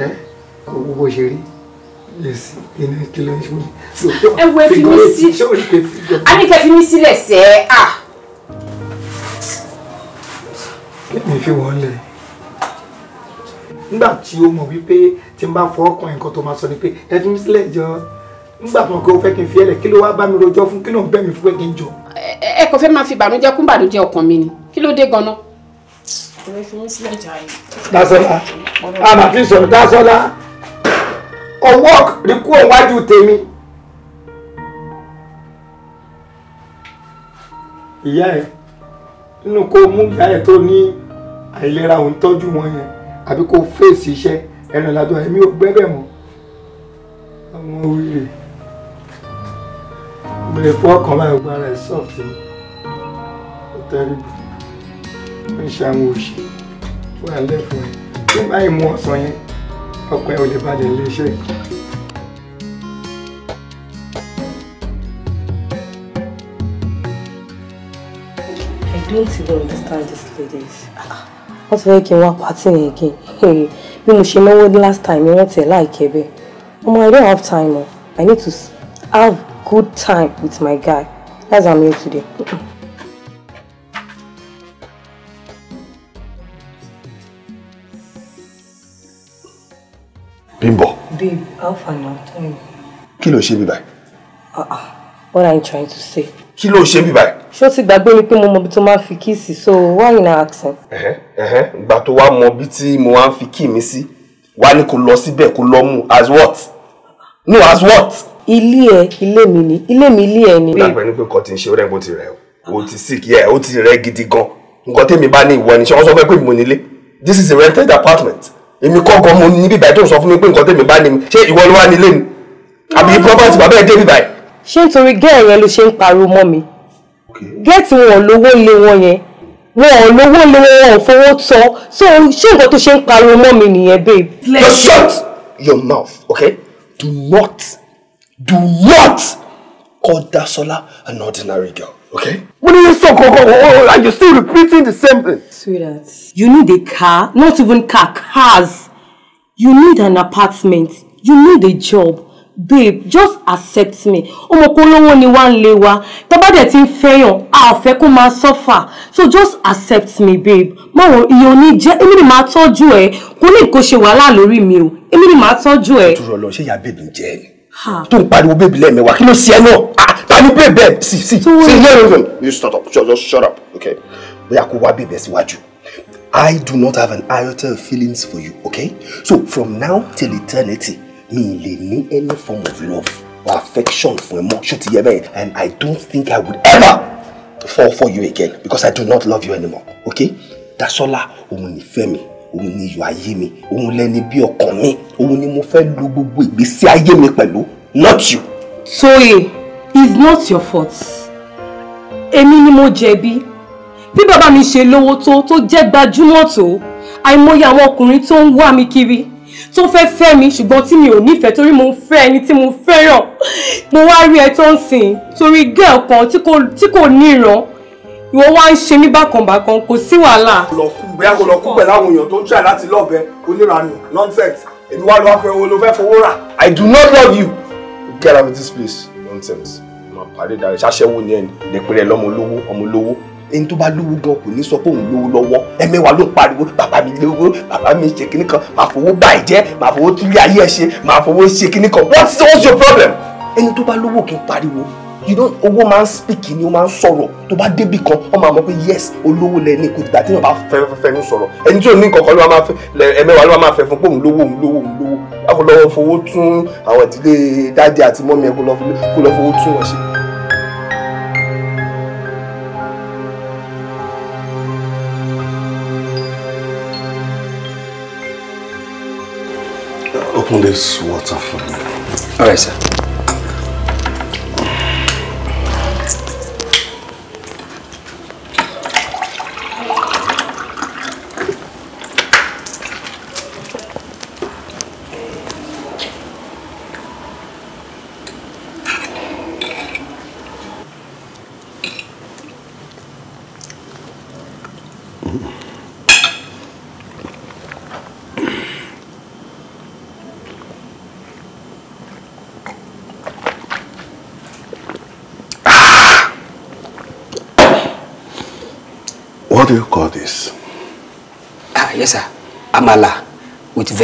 Speaker 3: Ẹ kò gbogbo ṣe rí èsì inú kí ló ń ṣe mí. Ẹ wo ẹ fi mí sí.
Speaker 5: A ní kẹ́ fi mí sílẹ̀ sẹ́ẹ̀. Ah!
Speaker 3: Kí ni fi wọ́n lẹ̀? nígbà tí o mọ̀ wípé tí n bá fọwọ́ kan nǹkan tó máa sọ ni pé ẹ fi mí sílẹ̀ jọ nígbà tó mọ̀ pé o fẹ́ kí n fi ẹlẹ̀ kí ló wá bá mi rojọ́ fún kí ló ń bẹ̀ mí fún pé kí n jọ.
Speaker 5: ẹ kò fẹ́ máa fi ìbànújẹ́ kún ìbànújẹ́ ọkàn mi ni kí ló dé gan-an.
Speaker 3: Dásọ́lá àmà tí sọ̀rọ̀ Dásọ́lá ọwọ́ rí kú òun wájú tèmi. ìyá ẹ nínú kó mú ìyá ẹ tó ní àìlera òun tọ́jú wọn yẹn àbí kó fèsì iṣẹ́ ẹran ìlàjọ ẹ̀mí ò gbẹ́bẹ̀ mọ́ àwọn oríire mo lè fọ́ ọkàn báyìí gba ara ẹ̀ soft ni ó tẹ́rìbù ó ń ṣe àwọn òṣì wà lẹ́fọ̀ọ́ ẹ̀ tí báyìí mú ọ̀sán yẹn ọkàn ẹ̀ ò lè balẹ̀ iléeṣẹ́
Speaker 4: I don't even understand these ladies. Ah, ah wọ́n ti fẹ́ kí n wá pàtì yẹn again bí mo ṣe náwó last time mi rántí ẹ̀ láìkẹ́ bẹ́ẹ̀ ọmọ I don't have time o I need to have good time with my guy that's why I'm here today. Mm-hmm. Bimbo. Babe, how far now? Tell me.
Speaker 3: Kí ló ṣe bí báyìí?
Speaker 4: Uh-uh. What I'm trying to say?
Speaker 3: kí ló ṣe bí báyìí.
Speaker 4: ṣó ti gbàgbé mi pé mo mọ ibi tó máa ń fi kíìsì so why you na ask.
Speaker 3: ìgbà tó wá mọ ibi tí mo máa ń fi kí mi sí wá ní kó lọ síbẹ̀ kó lọ mú as what
Speaker 4: no as what. ilé ẹ ilé mi ni ilé mi
Speaker 3: ilé ẹ ni. lápẹ́ ní pé nǹkan ti ń ṣe ó rẹ̀ bó ti rẹ̀ o ti sick yẹ o ti rẹ̀ gidi gan nǹkan tèmi bá ní ìwọ ẹni ṣé wọ́n sọ fẹ́ pé mo nílé this is a rented apartment èmi kọ́ gan mo ní bíbáyìí tó ń sọ fún mi pé nǹkan tèmi bá ní ṣé ìwọ ló wà nílé mi àbí property bàbá ẹ̀ dé bíbáyìí
Speaker 4: ṣé nítorí gẹ́ẹ̀ yẹn ló ṣe ń pariwo mọ́ mi gẹ́ẹ̀tì wọn ò lówó lé wọn yẹn wọn ò lówó lé wọn ò fowó tọ́ so ṣé nǹkan tó ṣe ń pariwo mọ́ mi nìyẹn babe. you shut your mouth okay do not do not call
Speaker 3: Dasola an ordinary girl okay.
Speaker 4: What are you so go go and you still repeating the same thing. sweetheart you need a car not even car cars you need an apartment you need a job babe just accept me ọmọ kó lówó ni wá ń lé wa tọ́ba dẹ̀ ti ń fẹ́yàn a ò fẹ́ kó suffer so just accept me babe máwo iye òní jẹ́ èmi ni màá tọ́jú ẹ kó ní kó ṣe wàhálà lórí mi o èmi ni màá tọ́jú ẹ.
Speaker 3: dúró lọ ṣé ìyá bèbí ń jẹ ẹ
Speaker 4: ni tó ń
Speaker 3: pariwo bèbí lẹ́ẹ̀mẹ́wàá kí ló ṣe ẹ náà ta ni bèbí ẹ sì sì sí you shut up just shut up okay bóyá kó wá bèbí ẹ síwájú. I do not have an iota of feelings for you, okay? So from now till
Speaker 2: eternity, mi ì lè any form of love or affection fún ẹ mọ́ ṣó ti yẹ bẹ́ẹ̀ and I don't think I would ever fall for you again because I do not love you anymore okay
Speaker 3: Dasola òun nìfẹ́ mi òun ni iyọ̀ ayé mi òun lẹni bí ọkàn mi òun ni mo fẹ́
Speaker 4: lu gbogbo ìgbésí
Speaker 3: ayé mi pẹ̀lú not you.
Speaker 4: Toye is not your fault èmi ni mo jẹ̀bi bí bàbá mi ṣe lówó tó tó jẹ́ gbajúmọ̀ tó àìmọye àwọn ọkùnrin tó ń wá mi kiri tó fẹ́ fẹ́ mi ṣùgbọ́n tí mi ò nífẹ̀ẹ́ torí mo ń fẹ́ ẹni tí mo fẹ́ràn mo wá rí ẹ tó ń sìn torí girl kan tí kò níran ìwọ wá ń ṣe mí bákanbákan kò sí wàhálà.
Speaker 3: lọ́kù bẹ́ẹ̀ kò lọ́kù pẹ̀lú àwọn èèyàn tó ń ṣàì láti lọ́ọ̀bẹ oníranù nonsense èmi wá lọ́wọ́ fẹ́ owó ló fẹ́ fowó rà. I do not love you. get out of this place nonsense. mo máa pàdé dáre ṣáṣẹ́wó ni ẹni lè pèrè lọ́mọ olówó ọmọ olówó ẹni tó bá lówó gan kò ní sọ pé òun lówó lọ́wọ́ ẹ̀mẹ́wàá ló pariwo bàbá mi lówó bàbá mi ṣe kinní kan màá fowó bá jẹ́ màá fowó túlé ayé ẹ̀ ṣe màá fowó ṣe kinní kan what is what's your problem. ẹni tó bá lówó kì í pariwo you know owó máa ń speak ni ó máa ń sọ̀rọ̀ tó bá débì kan wọ́n máa mọ̀ pé yes olówó lẹ ní kò dìgbà tí wọ́n bá fẹ́ fẹ́ ní sọ̀rọ̀ ẹni tí ò ní nǹkankan ló máa fẹ́ ẹ̀mẹ́wàá ló máa open this water for me. All right, sir.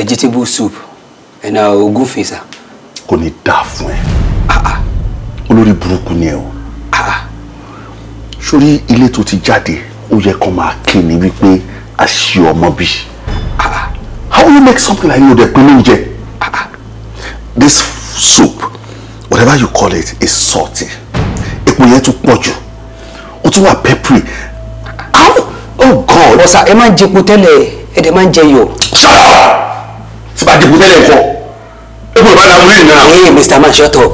Speaker 3: vegetable soup
Speaker 2: ẹ̀nà uh, ogúnfe sà.
Speaker 3: kò ní dáa fún ẹ ah, ah. olórí burúkú ni ẹ o ah, sórí ilé tó ti jáde ó yẹ kó máa kí ni wípé a ṣe ọmọ bí how you make something like you dey pin oúnjẹ this soup whatever you call it is salty epo yẹn tún pọ̀ jù ó tún wà peppery how oh god.
Speaker 4: ọ̀sà ẹ máa ń jẹ epo tẹ́lẹ̀ ẹ̀ dẹ̀ máa ń jẹ yọ̀.
Speaker 3: shut up tí bá dìbò tẹ́lẹ̀ kọ́ ẹ kò bá láwùrí ìnira. ee Mr. Man shut up.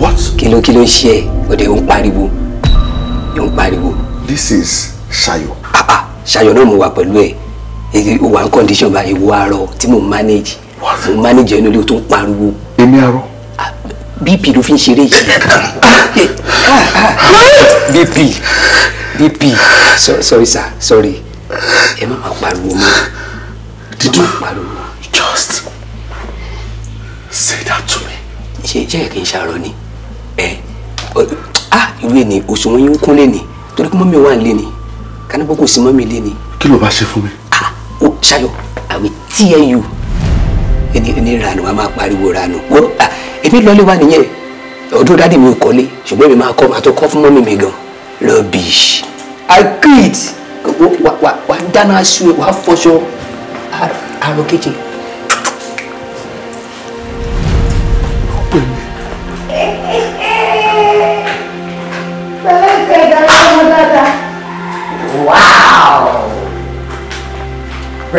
Speaker 3: what. kí ló kí ló ń ṣe ẹ òde ò ń pariwo ò ń pariwo. this is Ṣayọ̀. ah ah Ṣayọ̀ náà mo wà pẹ̀lú ẹ̀ èyí wà ń condition bá ewu arọ tí mo manage mo manage ẹni olóòótọ́ ń pariwo. èmi arọ. Ah, bp ló fi ń ṣeré yìí. bp bp sorry sir sorry
Speaker 2: ẹ má máa pariwo mọ́ ẹ má máa pariwo. Just say that to me. Ṣé jẹ́ kí n ṣàrọ̀ ni? Ẹ eh.
Speaker 3: ah ìwé ni òṣùwọ̀n yín kún lé ni torí pé mọ́mí wà ń lé ni kánípọ̀ kò sí mọ́mí lé ni. Kí
Speaker 2: ló bá ṣe fún mi? Ah o ṣayọ àwẹ̀ TNU ẹni ẹni ranu a máa pariwo ranu wọ́n ah èmi lọ́lé wa nìyẹn ọdún dáàdì mi ò kọ́lé ṣùgbọ́n èmi máa kọ́
Speaker 3: máa tó kọ́ fún mọ́mí mi gan rubbish. I quit. Wà wà wà dáná aṣọ wà fọṣọ ah, àrò kejì.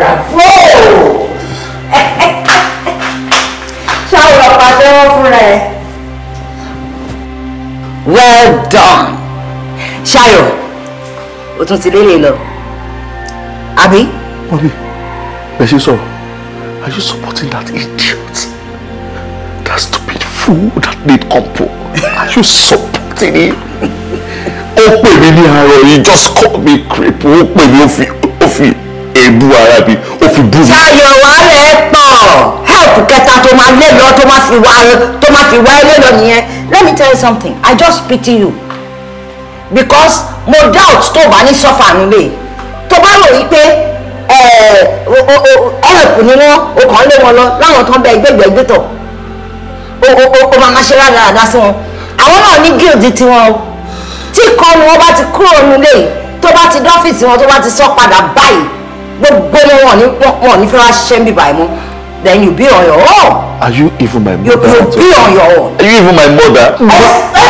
Speaker 1: bravo ṣáà lọ pàtẹ́wọ́ fúnra well done Shayo, o tún ti lélẹ̀ lọ
Speaker 3: Abi, mọ́mí ẹ ṣe so? are you supporting that idiot that stupid fool that need compo are you supporting him.
Speaker 2: ó pè mí ní àárọ̀ yìí just call me cripple ó pè mí ó fi èébú ara mi ó fi bú mi. ṣayọ̀ wàhálà ẹ̀ tọ̀ help
Speaker 1: kẹta tó máa lé lọ tó máa fi wá tó máa fi wá ilé lọ nìyẹn let me tell you something i just pity you because mo doubt tó bá ní sọ́fà nílé tó bá rò yí pé help ni wọ́n o kàn lé wọn lọ láwọn tó ń bẹ ẹgbẹ́ ìgbẹ́ tọ̀ o máa ṣe rádaràdá sí wọn àwọn náà ní guild tiwọn o tí kan ni wọ́n bá ti kúrò nílé tó bá ti dọ́fíìsì wọn tó bá ti sọ padà báyìí gbogbo wọn ní wọn ní fẹ́ràn ṣiṣẹ́ ń bíbá ẹ̀ mọ́ then you be on your own.
Speaker 3: are you even my mother. you, be on your own. are you even my mother. Yes. I'm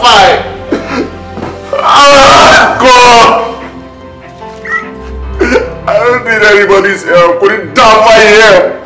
Speaker 3: fine. Ah, God! I don't need anybody's help. Put it down my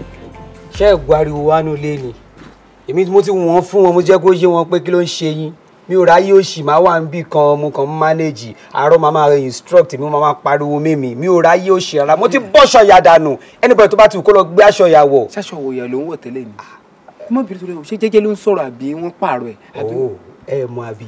Speaker 3: ṣé ẹ̀gbọ́n ariwo wa nù lé ni èmi mo ti wọ́n fún wọn mo jẹ́ kó yé wọn pé kí ló ń ṣe yín mi ò ráyè òṣì máa wà ń bì kan mo kàn ń mánéjì máa máa instruct mi máa máa pariwo mímì mi ò ráyè òṣì rárá mo ti bọ́ṣọ ya dànù anybody tó bá ti kó lọ gbé aṣọ ya wọ̀. ṣáṣọ wo ìyá ló ń wọ̀ tẹ́lẹ̀ ni ọmọbìnrin tó lè wò ṣé jẹ́jẹ́ ló ń sọ̀rọ̀ àbí wọ́n pààrọ̀ ẹ̀. o oh, ẹ mọ àbí.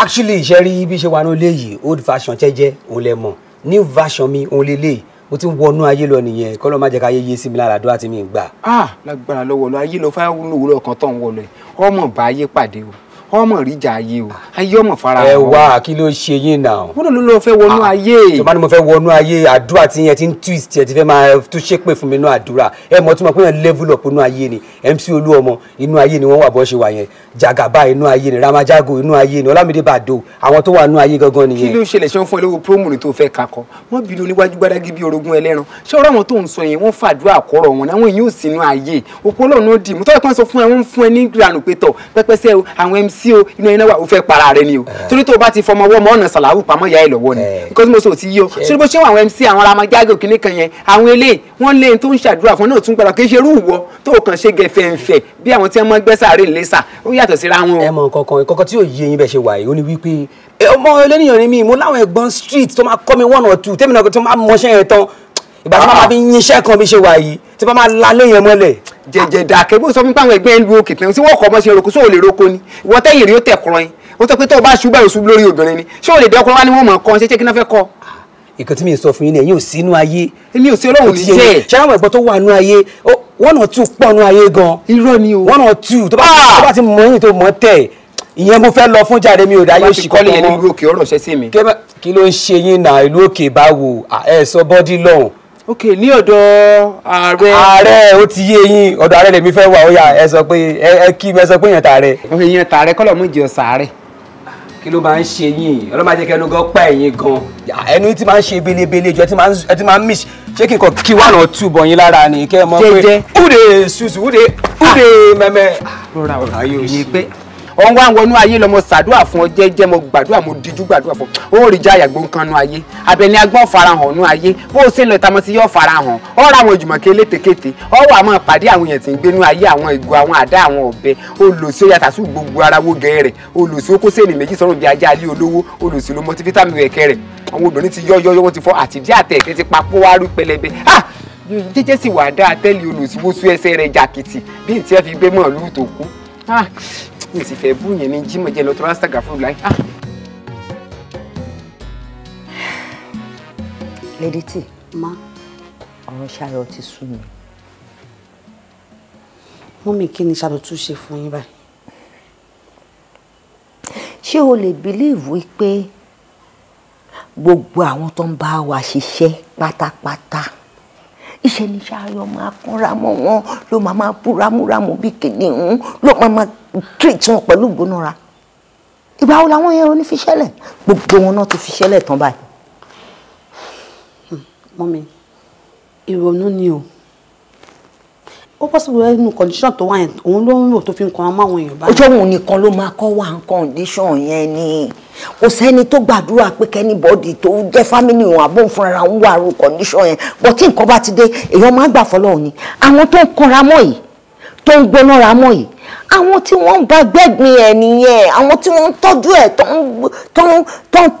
Speaker 3: actually ìṣẹ́rí bí ṣe wà ní olè yìí old fashion jẹ́jẹ́ òun lẹ mọ̀ new version mi òun lè léyìí mo ti ń wọnú ayé lọ nìyẹn kọ́ ló má jẹ́ ká ayé yé sí mi lára àdúrà tí mi ń gbà. ah lágbára lọ́wọ́ lọ ayé lọ fáwọn olówó lọ́kàn tó ń wọlé ọmọ bá ayé pàdé o ọmọ ríjà ayé o ayé ọmọ fara hàn. ẹ wá kí ló ṣe yín náà. wọn ló lọ fẹ́ wọnú ah, ayé. tó bá ní mo fẹ́ wọnú ayé àdúrà tí yẹn ti ń twist ẹ ti fẹ́ máa tún ṣépè fún mi nú àdúrà ẹ mọ̀ tí mo pé yẹn level up inú ayé ni MC Olúọmọ inú ayé ni wọ́n wà bọ́ ṣe wà yẹn Jagaba inú ayé ni Ramajago inú ayé ni Ọlámídé Bàdó àwọn tó wà inú ayé gangan nìyẹn. kí ló ṣẹlẹ̀ ṣe ń fún ẹ lówó promo ni tó fẹ́ kakọ wọ́n bí oníwájú gbádágí bí orogún ẹlẹ́ran ṣé ọ̀rọ̀ àwọn tó ń sọ yẹn wọ́n fàdúrà kọ́rọ̀ wọn náà wọ́n yóò sínú ayé òpó lọ́nà ó dì mú tọ́jú kan sọ fún ẹ wọ́n ń fún ẹ ní ìlànà pé tọ̀ pẹ́pẹ́sẹ́ àwọn MC sí o inú ẹyin náà wà ó fẹ́ para rẹ ni o eh. torí tó o bá ti fọmọ ọwọ́ mọ ọ̀nà sàlàwù pamọ́ ìyá ẹ lọ́wọ́ ni eh. because mo sọ ti yí o sórí bó ṣe wà àwọn mc àwọn ará majágò kìnnì kan yẹn àwọn eléyìí wọ́n lé tó ń ṣàdúrà fún náà tún gbàdọ̀ kì í ṣe irú tó o kàn ṣe gẹ̀fẹ̀ǹfẹ̀ bí àwọn tí wọ́n mọ gbẹ́sà rè lẹ́sà ó yàtọ̀ síra wọn. ẹ mọ kankan kankan tí yóò yí eyín bẹ ṣe wà yìí ó ní wípé ọmọ eléyìí ni mi mo láwọn ẹ̀gbọ́n street tó máa kọ́ mi one or two tẹ́mi náà tó máa mọṣẹ́ yẹn tán ìgbà tí màmá ah. fi yin iṣẹ́ kan bí ṣe wà yìí tí màmá lálẹ́ yẹn mọ́lẹ̀. jẹjẹ dàkẹ́ bó sọ fún pàwọn ẹgbẹ́ ìlú òkè tán tí wọ́n kọ́ ọmọ sí orokun sóò lè roko ni ìwọ tẹ́yìn rí ó tẹ̀ kọrin ó tọ́ pé tó o bá ṣubú ẹ̀rọ lórí obìnrin ni ṣé o lè dẹ́ ọkùnrin wá ní wọ́n mọ̀ ṣé kí náà fẹ́ kọ́ ìkan tí mi sọ fún yín ni ẹ̀yin ò sí inú ayé. èmi ò sí ọlọ́run ní jẹ́ ṣé àwọn one or two pọ̀ nú ayé gan. irọ́ ni one or two tó bá ti ah! mọ yín tó mọ tẹ̀ ìyẹn mo fẹ́ lọ fún jáde mi ò dá yóò ṣì kọ́ lọ́wọ́ kí ló ń ṣe yín náà ìlú òkè báwo ẹ sọ bọ́dí lọ́hùn ok ní ọ̀dọ̀ ààrẹ. ààrẹ ó ti yé yín ọ̀dọ̀ ààrẹ lèmi fẹ́ wà ó yà ẹ sọ pé ẹ kí ẹ sọ pé yàn tààrẹ. èèyàn tààrẹ kọ́ lọ́mú ìjọ sàárẹ̀. kí ló máa ń ṣe yín ọlọ́mọ ajẹ́ kẹnu gan pa ẹ̀yìn gan. ẹnu tí máa ń ṣe belebele jọ ẹ ti máa ń miss ṣé kí n kọ kí wà náà túbọ̀ yín lára ni kẹ́ ẹ mọ̀ pé ude susu ude ude mẹ́mẹ́. rọra ọ̀rọ̀ ayé ṣe ọ̀n wá wọnú ayé lọ mo ṣàdúrà fún ọ jẹ́jẹ́ mo gbàdúrà mo dijú gbàdúrà fún ọ ó rí jáyà gbóǹkan nú ayé abẹni agbọ́n farahàn nú ayé bó o ṣe ń lọ ìtamọ́ sí yóò farahàn ọ ra àwọn òjùmọ̀kẹ́ létekéte ọ wà máa pàdé àwọn èèyàn tí ń gbé nú ayé àwọn ìgò àwọn àdá àwọn ọ̀bẹ olùsí ó yàtà sí gbogbo ara wó gẹ́ rẹ̀ olùsí ó kó sẹ́ni méjì sọ́run bí ajá alé olówó olùsí ló mọ́tífítàmì ẹ̀kẹ́ rẹ̀ àwọn obìnrin ti yọ́yọ́ wọ́n ti rẹ̀ Ah, mi sì fẹ́ bú yẹn ní jímọ̀ jẹ́ lọ tó rásítà gàfúrú láì.
Speaker 1: Lady T má ọ̀rọ̀ ṣayọ̀ ti sú mi. mọ́mí kí ni ṣàlọ́ tún ṣe fún yín báyìí. ṣé o lè bílíìvù pé gbogbo àwọn tó ń bá wa ṣiṣẹ́ pátápátá iṣẹ́ ní ṣáàyọ̀ máa kúnra mọ́ wọn ló máa máa bú rámúrámù bí kìnìún ló máa máa treat wọn pẹ̀lú ìgbónára ìgbà wo làwọn yẹn onífiṣẹ́lẹ̀ gbogbo wọn náà ti fiṣẹ́lẹ̀ tán báyìí. mọ́mi ìrònú ni o ó possible wẹ́ nù condition tó wà yẹn òun ló ń lò tó fi ń kan máwọn èèyàn báyìí. ọjọ́ òun nìkan ló máa kọ́ wà ń condition yẹn ni kò sẹ́ni tó gbàdúrà pé kẹ́ni bọ́ọ̀dì tó jẹ́ fámìlì òun àbóhùn fúnra ń wà ru condition yẹn bọ́ tí nǹkan bá ti dé èèyàn máa gbà fọlọ́run ni àwọn tó ń kanra mọ́ yìí tó ń gbónára mọ́ yìí àwọn tí wọ́n ń bá gbẹ́gbin ẹ̀ nìyẹn àwọn tí wọ́n ń tọ́jú ẹ̀ tó ń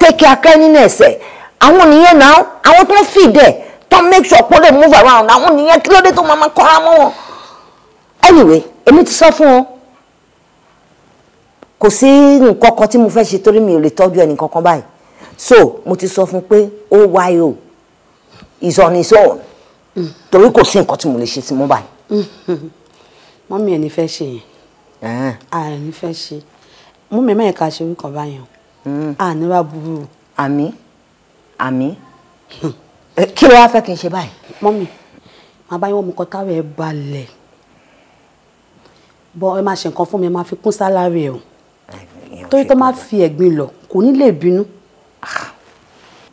Speaker 1: tẹ́kẹ́ akẹ́ nínú ẹ̀sẹ̀ àwọn nìyẹn náà àwọn tó ń fìdẹ̀ tó ń make sure pọ́lẹ̀ move around àwọn nìyẹn kí tó máa máa kọ́ra mọ́ wọn anyway èmi ti sọ fún ọ kò sí nǹkan kan tí mo fẹ́ ṣe torí mi ò lè tọ́jú ẹnì kankan báyìí so mo ti sọ fún pé ó wáyé o is on his own mm. torí kò sí nǹkan tí mo lè ṣe sí mọ́ báyìí.
Speaker 5: mọ́mí ẹ̀ ní fẹ́ ṣe yẹn ààrẹ ní fẹ́ ṣe mọ́mí ẹ̀ máa ka ṣe orúkọ báyìí o àní mm. wàá burú.
Speaker 1: àmì àmì hmm.
Speaker 5: kí ló wá fẹ́ kí n ṣe báyìí. mọ́mí màá bá wọ́n mú kọ́ táwọn ẹ̀ balẹ̀ bọ́ ẹ máa ṣe nǹkan fún mi ẹ máa fi kún sálárì ẹ̀ o torí tó máa fi ẹ̀gbin lọ kò ní lè bínú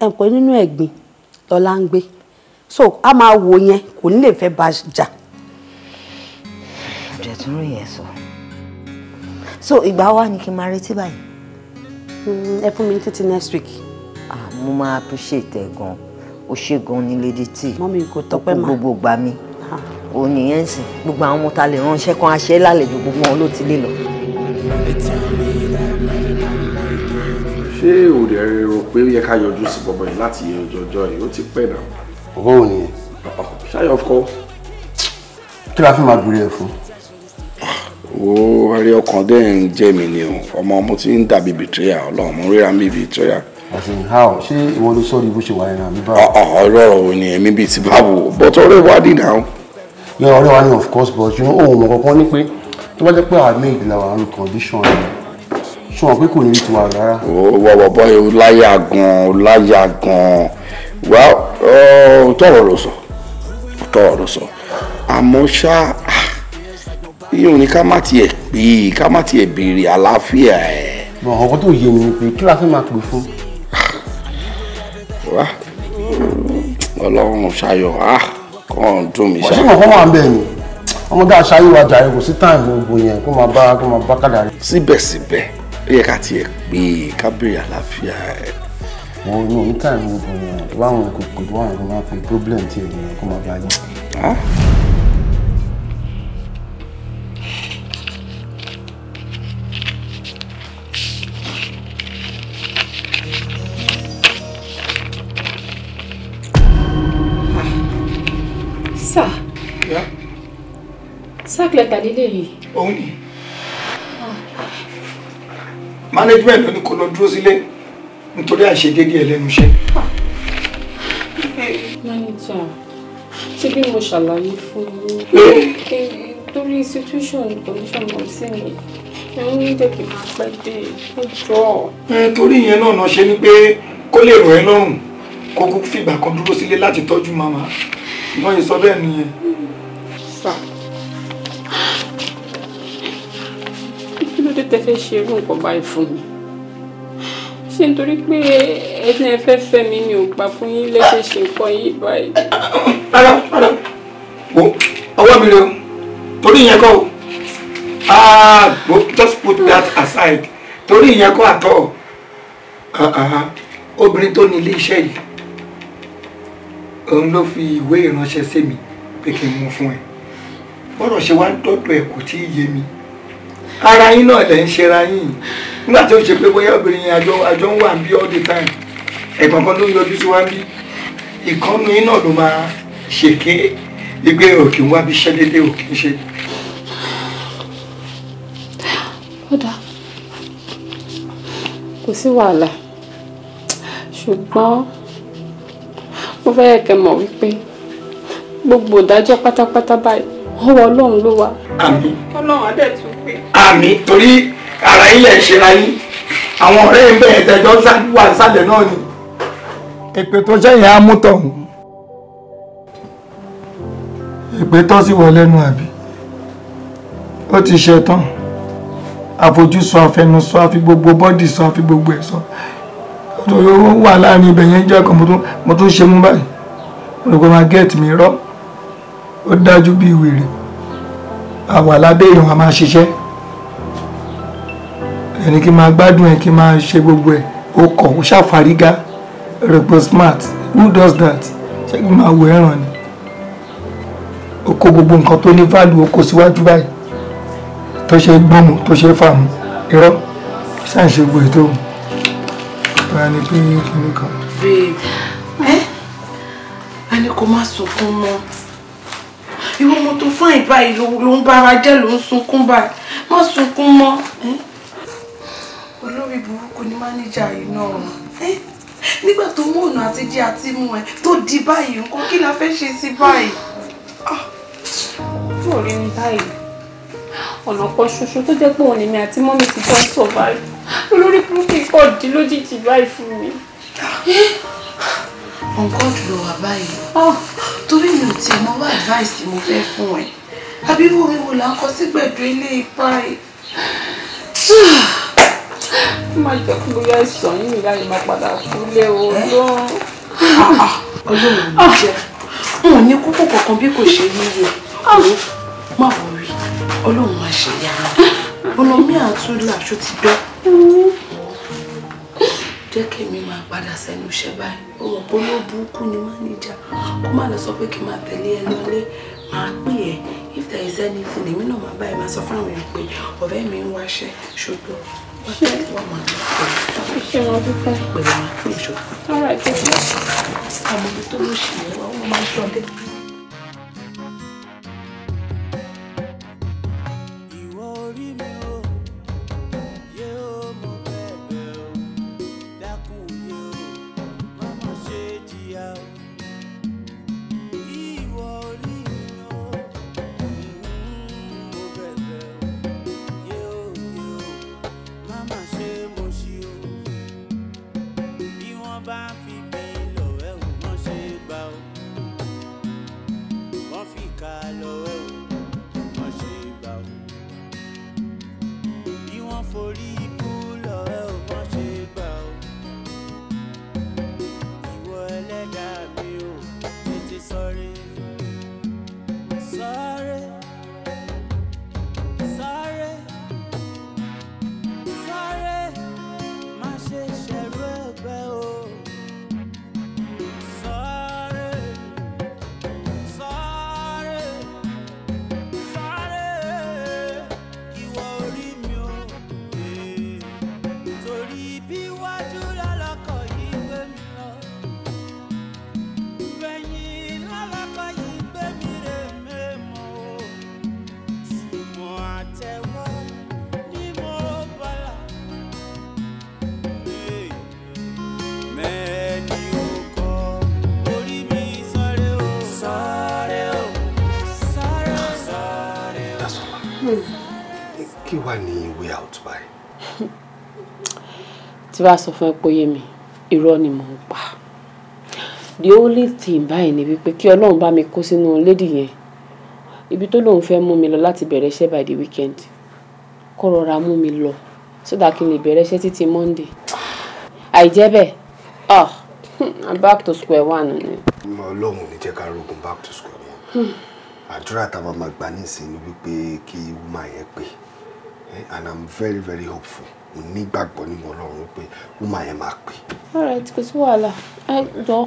Speaker 5: ẹ̀ pé nínú ẹ̀gbin lọ́la ń gbé so a máa wò yẹn kò ní lè fẹ́ bá jà.
Speaker 1: ọ̀dẹ̀ tún rí yẹn sọ so ìgbà wa ni kí n máa retí báyìí. Mm, ẹ fún mi títí next week. mo máa appreciate ẹ gan o ṣe gan ni lady t. mọ́mí kò tọ́pẹ́ mà. gbogbo gbà mí òun nìyẹn ń sìn gbogbo àwọn ọmọ ta lè ránṣẹ́ kan aṣẹ́ lálejò gbogbo wọn ló ti lé lọ.
Speaker 3: ṣé òde rẹ rò pé ó yẹ ká yọjú sí bọ̀bọ̀ yìí láti yẹ ọjọ́jọ́ yìí ó ti pẹ́ náà. bàbá òun nìyẹn. Ah, ah, ṣáyọ̀ fọ́. kí la fi máa gbèrè ẹ̀ fún. wo ẹrí ọkàn dẹ́ẹ̀ ń jẹ́ mi ni o ọmọ mo ti ń dàbí bìtìrìà ọlọ́run mo ríra mi bìtìrìà àfihàn how ṣé ìwọ ló sọ ní bó ṣe wà yẹn náà mi bá. Ah, ọ̀rọ̀ ọ̀rọ̀ ni ẹ̀mí bíi ti báwo bọ́tọ̀ rẹ̀ wá dì náà yẹ ọ̀rẹ́ wa ni of course but you know òun mọ̀ kankan ní pé tó bá jẹ́ pé our maid na our own condition ṣùgbọ́n wọn pé kò ní rí tiwa rárá. wọ́wọ́ bọ́yì ó láyà gan-an ó láyà gan-an wá oh, tọrọ ló sọ tọrọ ló sọ àmọ́ ṣá yóò ní ká má tiẹ̀ pè é ká má tiẹ̀ béèrè àlàáfíà ẹ̀. ọ̀hún tó yé mi pé kí la fẹ́ máa pè fún. Ah, wá mm, ọlọ́run ṣayọ̀ ah kàn dùn mí ṣá. wọ́n ṣe mọ̀ fún wọn bẹ́ẹ̀ ni ọmọdé aṣáájú wa jàre kò sí táìmù gbogbo yẹn kó máa bá kó máa bá kádàrí. síbẹ̀síbẹ̀ ó yẹ ká tiẹ̀ pé ká béèrè àlàáfíà ẹ̀. mo ní oní táìmù gbogbo yẹn báwọn kòkòrò wà ní kó máa fi problem tiẹ̀ yẹn kó máa bá yẹn. Ah.
Speaker 5: black letter lílé yìí. òun ni
Speaker 3: management ló ní kó lọ dúró sílé nítorí àìṣedéédéé ẹlẹ́nu iṣẹ́.
Speaker 5: manager ṣé bí mo ṣàlàyé fún yín pé torí situation condition mọ̀ sí mi ẹ̀hún ní tẹ̀kì máa pẹ́ dé ẹjọ́.
Speaker 3: torí ìyẹn náà náà ṣe ni pé kó lè rọ̀ ẹ́ lọ́rùn kó kúkú fìgbà kan dúró sílé láti tọ́jú màmá ìwọ́n yìí sọ bẹ́ẹ̀ nìyẹn.
Speaker 5: dé tẹ fẹ́ ṣe irú nǹkan báyìí fún mi ṣé nítorí pé ẹni ẹ fẹ́ fẹ́ mi ni ò gbà fún yín lẹ́sẹ̀ ṣe nǹkan yìí báyìí. rárá rárá
Speaker 3: wo ọwọ́ mi rẹ o torí ìyẹn kọ́ o ah just put that aside torí ìyẹn kọ́ àtọ́ ah, ah, ah. obìnrin tó ní ilé iṣẹ́ yìí òun ló fi ìwé ìránṣẹ́ sí mi pé kí n mú fún ẹ bọ́dọ̀ ṣe wá ń tọ́jú ẹ̀ kò tí ì yé mi ara yín náà lẹ́ ń ṣera yín nígbà tí ó ṣe pé bóyá obìnrin yẹn àjọ àjọ ń wà ń bí all the time ẹ̀gbọ́n kan ló ń yọjú sí wá ìkọ́nu yín náà ló máa ṣèké igbe òkè ń wá bí iṣẹ́ dédé òkè ń ṣe.
Speaker 5: ó kò sí wàhálà ṣùgbọ́n mo fẹ́ kẹ́ mọ̀ wípé gbogbo ìdájọ́ pátápátá báyìí ọwọ́ ọlọ́run ló wà.
Speaker 3: àmín ọlọ́run á dẹ̀ tún àmì torí ara yín lẹ̀ ń ṣe ra yín àwọn ọ̀rẹ́ ń bẹ̀rẹ̀ tẹ̀jọ́ wà sálẹ̀ náà ni èpè tó sẹ́yìn á mú tọ̀hún èpè tó sì wọ lẹ́nu àbí ó ti ṣe tán àfojúsùn àfẹnusọ àfi gbogbo bọ́dì sọ àfi gbogbo ẹ̀ sọ torí ó wà láàrin ibẹ̀ yẹn jẹ́ ọkàn mo tún ṣe mú báyìí mo rò pé máa gẹ́ẹ̀tì mi rọ́ ó dájú bíi wèrè àwa lábẹ́ èèyàn a máa ṣiṣẹ́ ẹni kí n máa gbádùn ẹ kí n máa ṣe gbogbo ẹ ó kọ̀ ó ṣàfàrígá rẹpọ smart who does that ṣé kí n máa wo ẹran ni ó kó gbogbo nǹkan tó ní fáàlù ó kó síwájú báyìí tó ṣe gbọ́mù tó ṣe fàmù irọ́ ṣáà ń ṣe gbogbo ètò ìtura ni pé kí ni kan.
Speaker 5: babe ẹ a ní kó má sunkún mọ́ ìwọ mo tó fún ìbá ìlú ló ń bára jẹ́ ló ń sunkún báyìí má sunkún mọ́ olórí burúkú ni mánéjà yìí náà nígbà tó mú ọ̀nà àtijẹ́ àti mú ẹ tó di báyìí nǹkan kí la fẹ́ ṣe sí báyìí. tí ah. ò rí mi báyìí ọ̀nà kan ṣoṣo tó jẹ́ pé òun èmi àti mọ́mi ti jọ ń sọ báyìí olórí burúkú ikọ̀ dín lójijì báyìí fún mi. Ah on god ló wà báyìí ah, torí mi ò tiẹ̀ mọ wá advice mo fẹ́ fún ẹ àbí wo mi wò là ń kọ sí gbẹ̀dọ̀ ilé ipa ẹ̀ ó máa jẹ́ kó bóyá ìsàn yìí ìyá yìí máa padà kúlé o lọ́n. Ah, ah, ọlọ́run ló jẹ́ wọn ò ní kókó kankan bí kò ṣe yíyọ má wọrí ọlọ́run máa ṣe yára ọlọ́mí àtúndì àṣọ ti dán jẹ́ kèmi máa padà sẹ́nu iṣẹ́ báyìí ó rò pé ló burúkú ni máníjà kó má lọ sọ pé kí n máa tẹ̀lé ẹ lọlé máa pè ẹ́ if there is anything èmi náà máa báyìí máa sọ fún àwọn èèyàn pé ọ̀rẹ́ mi ń wáṣẹ́ ṣùgbọ́n wọ́n tẹ̀lé wọn máa lọ pẹ̀lú ṣé wọn dúpẹ́
Speaker 4: pẹ̀lú máa pè ṣùgbọ́n.
Speaker 5: ọ̀rọ̀ àmọ́ ibi tó ló ṣì yẹ wọ́n máa ń tọ́ dé. tí bá so fun ẹ pé ó yé ni mò pa the only thing báyìí ni wípé kí ọlọ́run bá mi kó sínú lady yẹn ibi tó lóun fẹ́ mú mi lọ láti bẹ̀rẹ̀ iṣẹ́ by the weekend kó rọra mú mi lọ so that kí n lè bẹ̀rẹ̀ iṣẹ́ títí monday àìjẹ́ bẹ́ẹ̀ ah i'm back to square one ni.
Speaker 3: ọlọ́run ò ní jẹ́ ká rogun back to square one àdúrà táwọn máa gbà nísìnyí wípé kí wúmà yẹn pé eh, and i'm very very hopeful nígbàgbọ́ nínú ọlọ́run pé
Speaker 2: ó máa yẹn máa pè.
Speaker 5: alright kò sí wàhálà ẹ jọ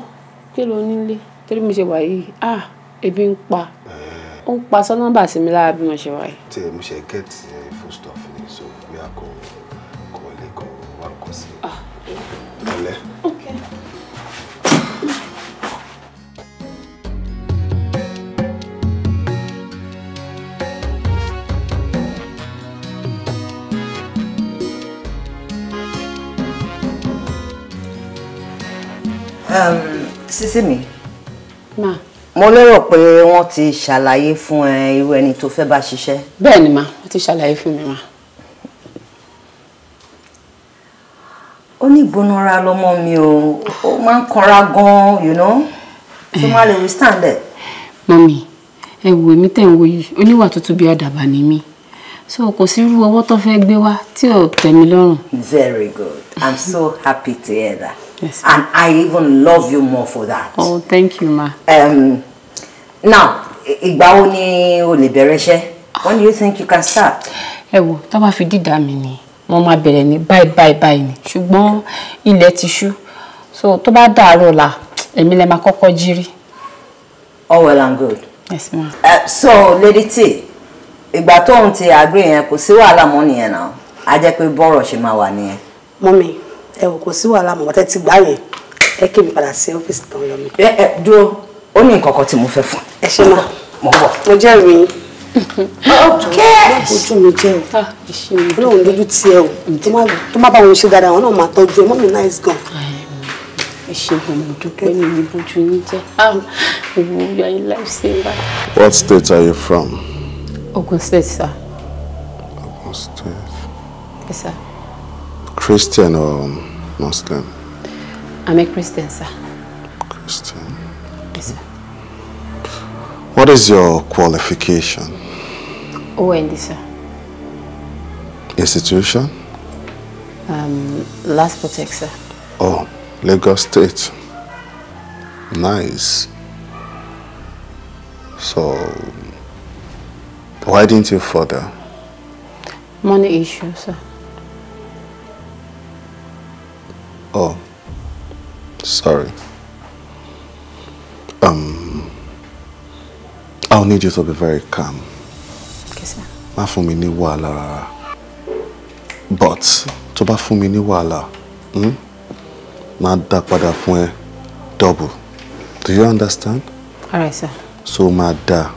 Speaker 5: kí ló nílé torí mo ṣe wà yìí ah ebi ń pa eh. ó ń pa sọ́nọ́bà sí mi lára bí mo ṣe wà yìí.
Speaker 3: tí mo ṣe get eh, full stuff ni so bí a kò kò lè kọ wá nǹkan sí i. Ah. ọ̀lẹ́.
Speaker 1: sísí mi mo lérò pé wọ́n ti ṣàlàyé fún ẹ irú ẹni tó fẹ́ bá ṣiṣẹ́.
Speaker 5: bẹ́ẹ̀ ma wọ́n ti ṣàlàyé fún mi ma.
Speaker 1: ó ní ìgbónára lọ́mọ mi o ó máa ń kanra gan-an you know tó má lè withstand
Speaker 5: ẹ̀. mọ́mí ẹ wo èmi tẹ̀ ń wo yìí oníwà tútù bí àdàbà ni mí so kò sí irú ọwọ́ tó fẹ́ gbé wá tí ò tẹ́ lọ́rùn.
Speaker 1: very good i'm so happy to hear that. Yes. And I even love you more for that. Oh,
Speaker 5: thank you, ma.
Speaker 1: Um, now, ìgbà wo o lè bẹ̀rẹ̀ When do you think
Speaker 5: you can start? Ewo, wò, tó bá fi dídá mi ni, wọ́n máa bẹ̀rẹ̀ ní báyìí báyìí báyìí ni. Ṣùgbọ́n ilẹ̀ ti ṣú. So tó bá dàárọ̀ la, èmi lẹ máa kọ́kọ́ jírí.
Speaker 1: All well and good. Yes, ma. Uh, so, Lady T, ìgbà tóun ti agree yẹn kò sí wàhálà mọ́ nìyẹn náà. A jẹ́ pé bọ́rọ̀ ṣe máa wà nìyẹn. Mọ́mi
Speaker 4: ẹ kò sí wàhálà mọ̀ ti gbá yẹn ẹ kí mi padà sí ọ́fíìsì tán lọ mi.
Speaker 1: ẹ ẹ dúró ó ní nǹkan kan tí mo fẹ́ fún. ẹ ṣe máa mo bọ̀.
Speaker 4: mo jẹ́rìí
Speaker 5: ojú mi jẹ́ o ah, olóhùn lójú ti ẹ o tó má bá wọn ṣe dáadáa wọn náà máa tọ́jú ẹ mọ́ mi nice gan. ìṣègùn ah, mi dúpẹ́ mi ní bójú yín jẹ́ ìwò yọ life saver.
Speaker 3: What state are you from?
Speaker 5: Ogun state sir.
Speaker 3: Ogun state. Yes, sir. Christian or Muslim?
Speaker 5: I'm a Christian, sir.
Speaker 3: Christian. Yes, sir. What is your qualification?
Speaker 5: OND, sir.
Speaker 3: Institution?
Speaker 5: Um, Last Protect, sir.
Speaker 3: Oh, Lagos State. Nice. So, why didn't you further?
Speaker 5: Money issue, sir.
Speaker 3: Oh, sorry. Um, I'll need you to be very calm. Okay, sir. Má fún mi ní wàhálà But to bá fún mi ní hmm? Má da padà fún double. Do you understand? All right, sir. So má da,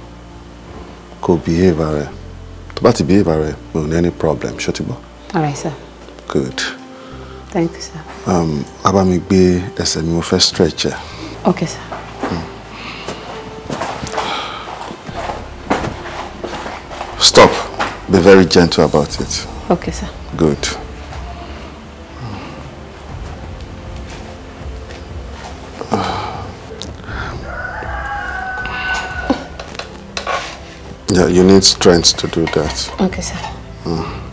Speaker 3: kó behave rẹ̀. Tó bá ti behave rẹ̀, mi ò any problem, ṣó ti gbọ́? All right, sir. Good. Thank you, sir um, abami gbé ẹsẹ̀ mi mo fẹ́ stretch ẹ.
Speaker 5: okay sir. Hmm. stop
Speaker 3: be very gentle about it. okay sir. good. Yeah, you need strength to do that. Okay, sir. Mm.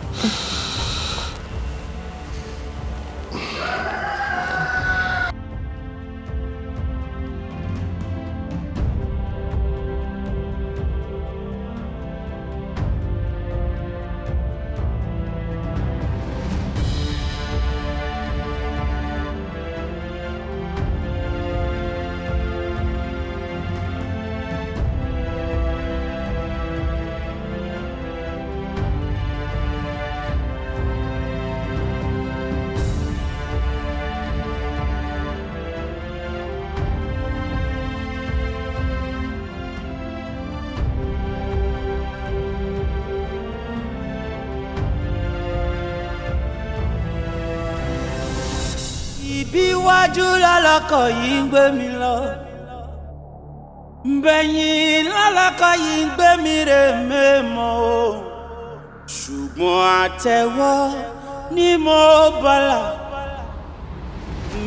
Speaker 6: lálàkọ̀ yìí ń gbé mi lọ. bẹ̀yìn lálàkọ̀ yìí ń gbé mi rè mẹ́mọ́ o. ṣùgbọ́n àtẹ̀wọ́ ni mo bọ̀là.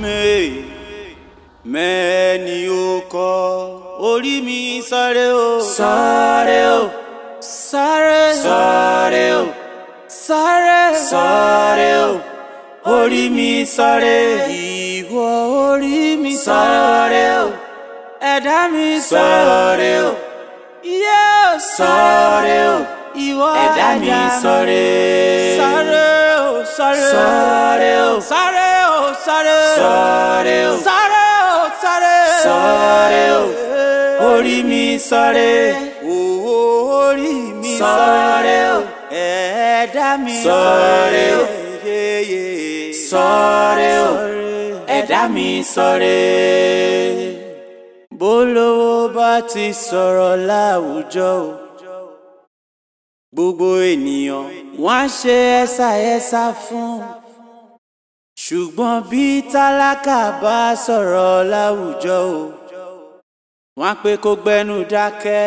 Speaker 6: mẹ́ẹ̀ mẹ́ẹ̀ni ó kọ orí mi sọ́rẹ́ o. sọ́rẹ́ o. sọ́rẹ́. sọ́rẹ́ o. sọ́rẹ́. sọ́rẹ́ o. orí mi sọ́rẹ́ yìí wọ orí mi sọ̀rọ̀ rẹ o ẹ̀dá mi sọ̀rọ̀ rẹ o iye o sọ̀rọ̀ rẹ o ìwọ ẹ̀dá mi sọ̀rọ̀ sọ̀rọ̀ o sọ̀rọ̀ sọ̀rọ̀ o sọ̀rọ̀ o sọ̀rọ̀ sọ̀rọ̀ o sọ̀rọ̀ o sọ̀rọ̀ sọ̀rọ̀ o orí mi sọ̀rọ̀ o orí mi sọ̀rọ̀ o ẹ̀dá mi sọ̀rọ̀ o sọ̀rọ̀ o ẹ̀dá mi sọ̀rẹ́. bólówó bá ti sọ̀rọ̀ láwùjọ o gbogbo ènìyàn wọ́n á ṣe ẹ̀sà ẹ̀sà fún ṣùgbọ́n bí tálákà bá sọ̀rọ̀ láwùjọ o wọ́n á pé kó gbẹ́nu dákẹ́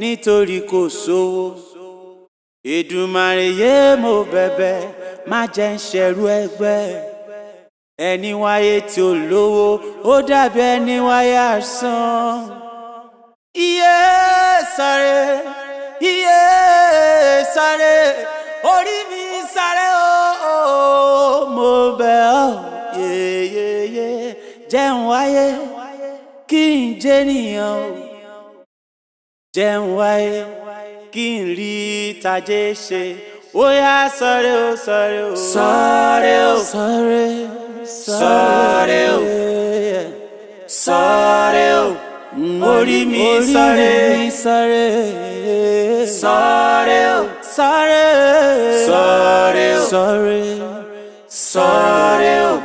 Speaker 6: nítorí kò sówó Èdùmàrè yé mo bẹ̀bẹ̀ má jẹ́ ń ṣẹ̀rú ẹgbẹ́ ẹni wáyé tí ó lówó ó dàbí ẹni wáyé asán. iye sáré iye sáré orí mi sáré o mo bẹ̀ ọ́ yeyeye jẹun wáyé kí n jẹ nìyẹn o jẹun wáyé kí n rí tajé ṣe ó yá sọ̀rẹ́ o sọ̀rẹ́ o sọ̀rẹ́ o sọ̀rẹ́ sáré o sáré o orí mi sáré sáré o sáré sáré o sáré o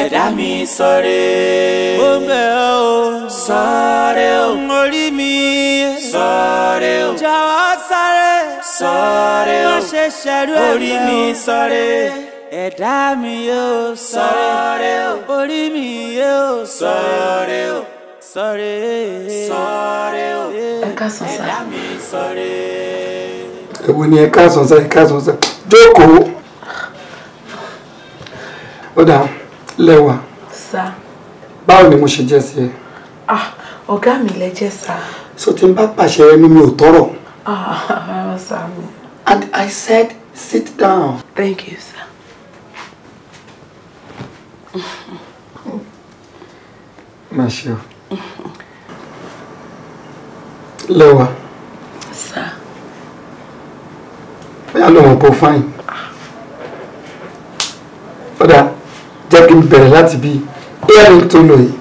Speaker 6: ẹ̀dá mi sáré ó bẹ̀ ọ́ sáré o orí mi sáré o jáwọ́ sáré sáré o má ṣe ṣẹ́rú ẹ̀ bẹ́ẹ̀ o ẹ̀dá mi yóò sọ̀rọ̀ rẹ o orí mi yóò sọ̀rọ̀ rẹ o sọ̀rọ̀ sọ̀rọ̀ o ẹ̀dá mi sọ̀rọ̀.
Speaker 5: èwo
Speaker 3: ni ẹ káàsán sá ẹ káàsán sá jókòó ó dà lẹ́wà. sá. báwo ni mo ṣe jẹ́ sí ẹ.
Speaker 5: ah ọ̀gá mi lẹ jẹ́ sá.
Speaker 3: so tí n bá pàṣẹ ẹni mi ò tọrọ.
Speaker 5: ah sá mi. and I said sit down. thank you sir
Speaker 3: má ṣe o lẹ́wà bóyá ló mọ̀ fine, ó fáyìn ọ̀dà jẹ́ kí n bẹ̀rẹ̀ láti bí earring tó lò yìí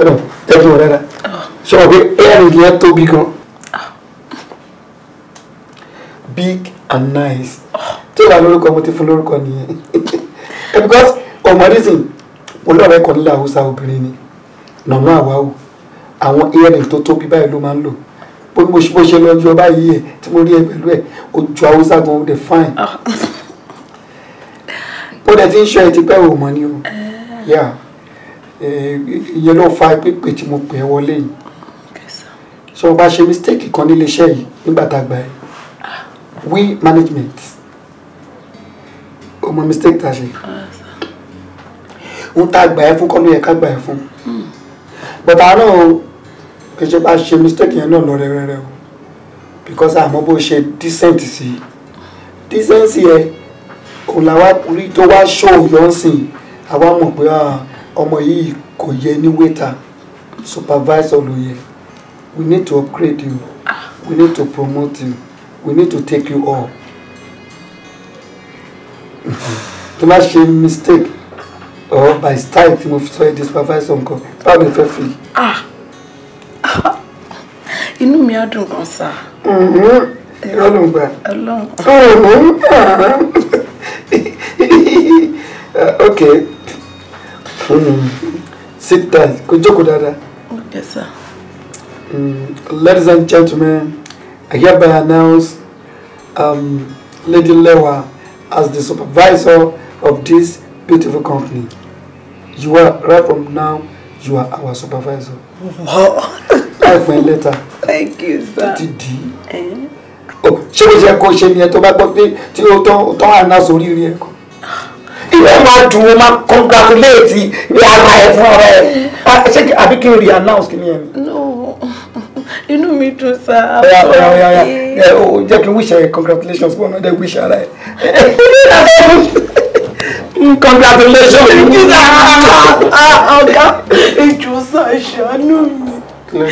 Speaker 3: ọ̀dà jẹ́ kí n rẹ́ra ṣe wọ́n pé earring ah. big and nice ah. tí ó bá lórúkọ mo ti fún lórúkọ nìyẹn because ọmọ reason mo lọ́ọ̀rẹ́ kan nílẹ̀ haúsá obìnrin ni nàmọ́ àwáwò àwọn earring tó tóbi báyìí ló máa ń lò bó mo ṣe bó ṣe lọ ju ọba yìí ẹ tí mo rí ẹ pẹ̀lú ẹ ojú haúsá gan ó dẹ̀ fine ah. ó dẹ̀ ti ń ṣọ́ ẹ ti pẹ́ ò mọ́ ni o ìyẹn eh. eh, ló fa pípé tí mo pè é wọlé yìí so bá ṣe mistake kan nílé iṣẹ́ yìí nígbà tá a gbà ẹ́ ah. we management ọmọ mistake tá a ṣe. Ah, ń ta gbà ẹ fún kọ́ ló yẹ ká gbà ẹ fún bọ̀tà náà kì í ṣe bá ṣe mistake yẹn náà lọ rẹ́rẹ́rẹ́ o because àmọ́ bó ṣe decent sí i decency ẹ òun làwa rí tó wá ṣó yọ̀ǹsìn àwa mọ̀ pé ah, ọmọ yìí kò yẹ ní waiter supervisor ló yẹ we need to upgrade you we need to promote you we need to take you up tó bá ṣe mistake or by style tí mo fi sọ èdè supervisor nǹkan bá mi fẹ́ fi.
Speaker 5: Ah. inú mi á dùn gan sá. Mm-hmm. ọlọ́run gbà ok
Speaker 3: mm. sit down kó jókòó dáadáa. okay sir. Mm, ladies and gentlemen, I hereby announce um, Lady Lewa as the supervisor of this beautiful company. You are right from now, you are our supervisor.
Speaker 4: What?
Speaker 3: I have my letter.
Speaker 5: Thank you, sir. Did eh?
Speaker 3: Oh, ṣé o jẹ́ kó ṣe ni ẹ tó bá gbọ́ pé tí o tán tán àná sórí rí ẹ kọ. Ilé máa dùn ó máa congratulate ilé ara ẹ fún ọ̀rẹ́ ẹ. Ṣé àbí kí announce kí
Speaker 5: No, You know me too, sir. Yeah, yeah, yeah,
Speaker 3: yeah. o jẹ́ kí n wish ẹ congratulations One ọ̀nà ọ̀dẹ wish ara ẹ
Speaker 5: congratulations
Speaker 3: mi. ọ̀gá
Speaker 5: ìjọ ṣàṣàánú mi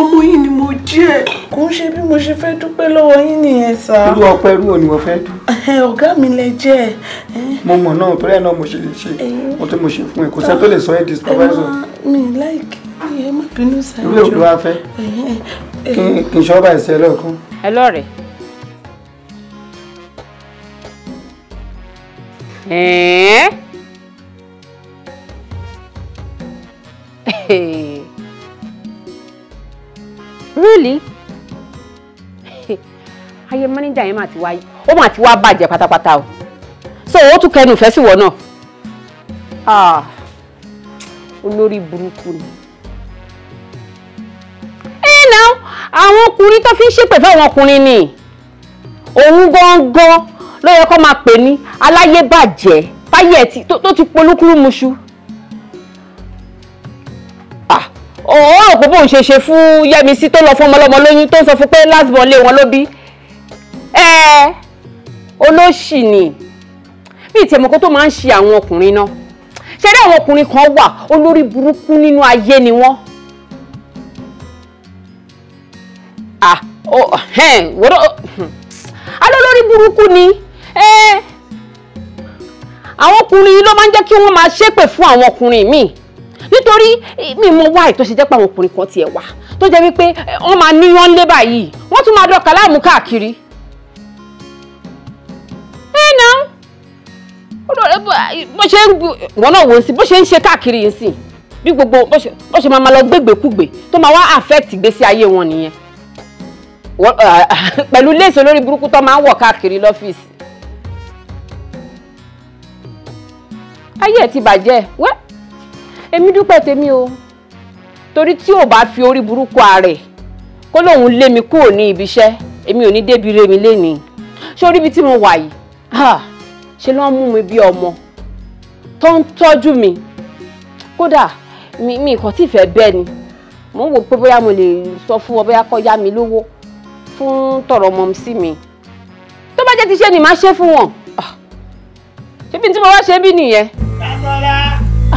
Speaker 5: ọmọ yìí ni mo jẹ́ kò ń ṣe bí mo ṣe fẹ́ dúpẹ́ lọ́wọ́ yín nìyẹn sá. irú ọpẹ́ irú òní wọ́n fẹ́ dùn. ọ̀gá mi lẹ jẹ́ ẹ. mo mọ̀ náà torí ẹ̀ náà mo ṣe lè ṣe
Speaker 3: mo tó mo ṣe fún ẹ kò sẹ́ tó lè sọ ẹ́ di supervisor.
Speaker 5: mi láìkí ẹ má bínú sáájú. irú èwo ló wá fẹ́ kí
Speaker 3: n ṣọ́ bá ẹ̀ sí ẹ lọ́ọ̀kan.
Speaker 5: ẹ lọ́ọ̀rẹ́ really ayé mọ́níjà yẹn máa ti wá o máa ti wá bàjẹ́ pátápátá o so ó tún kẹnu ìfẹ́ sí wọ náà ah, olórí burúkú ni. ẹ náà àwọn ọkùnrin tó fi ń ṣépè fáwọn ọkùnrin ni òun gangan ló yẹ kó máa pè ní aláyébàjẹ́ táyé ti tó ti polúkúrú muṣu. Ah, òun rò pé bóun ṣe ṣe fún Yẹ́misí tó lọ fún ọmọlọ́mọ lóyún tó ń sọ fún pé last born lé wọn ló bí. ẹ olóṣì ni bí ìtẹ̀mọ́kó tó máa ń ṣe àwọn ọkùnrin náà ṣe àwọn ọkùnrin kan wà olórí burúkú nínú ayé ni wọ́n. ah oh, hey, what, oh, alólórí burúkú ni àwọn ọkùnrin yìí ló máa ń jẹ́ kí wọ́n máa ṣépè fún àwọn ọkùnrin míì nítorí eh, mi mo wá ìtọ́sí jẹ́ pé àwọn ọkùnrin kan tiẹ̀ wà tó jẹ́ wípé eh, wọ́n máa níyàn lé báyìí wọ́n tún máa dọ̀kà láàmú káàkiri. ẹ nà bó ṣe ń wọ́n náà wò ó sí bó ṣe ń ṣe káàkiri yìí sí bí gbogbo bó ṣe máa lọ gbégbèkúgbè tó máa wá affect ìgbésí ayé wọn nìyẹn pẹ̀lú léèsì olórí burúkú tó máa ń wọ̀ káàkiri lọ́fíìsì. ayé ẹ̀ ti bàjẹ́ wẹ́ èmi dúpẹ́ tèmi o torí tí ò bá fi orí burúkú ààrẹ kó lóun lé mi kúrò ní ibi iṣẹ́ èmi ò ní débi re mi lénìí ṣé orí ibi tí mo wà yìí ṣe ló ń mú mi bí ọmọ tó ń tọ́jú mi kódà mi mi kàn tí ì fẹ́ bẹ́ẹ̀ ni mo ń wò pé bóyá mo lè sọ fún ọ bóyá kọ́ yá mi lówó fún tọrọ ọmọ sí mi tó bá jẹ́ ti ṣe ni màá ṣe fún wọn ah! ṣé tí mo wá ṣe bí nìyẹn. Bọ́lá.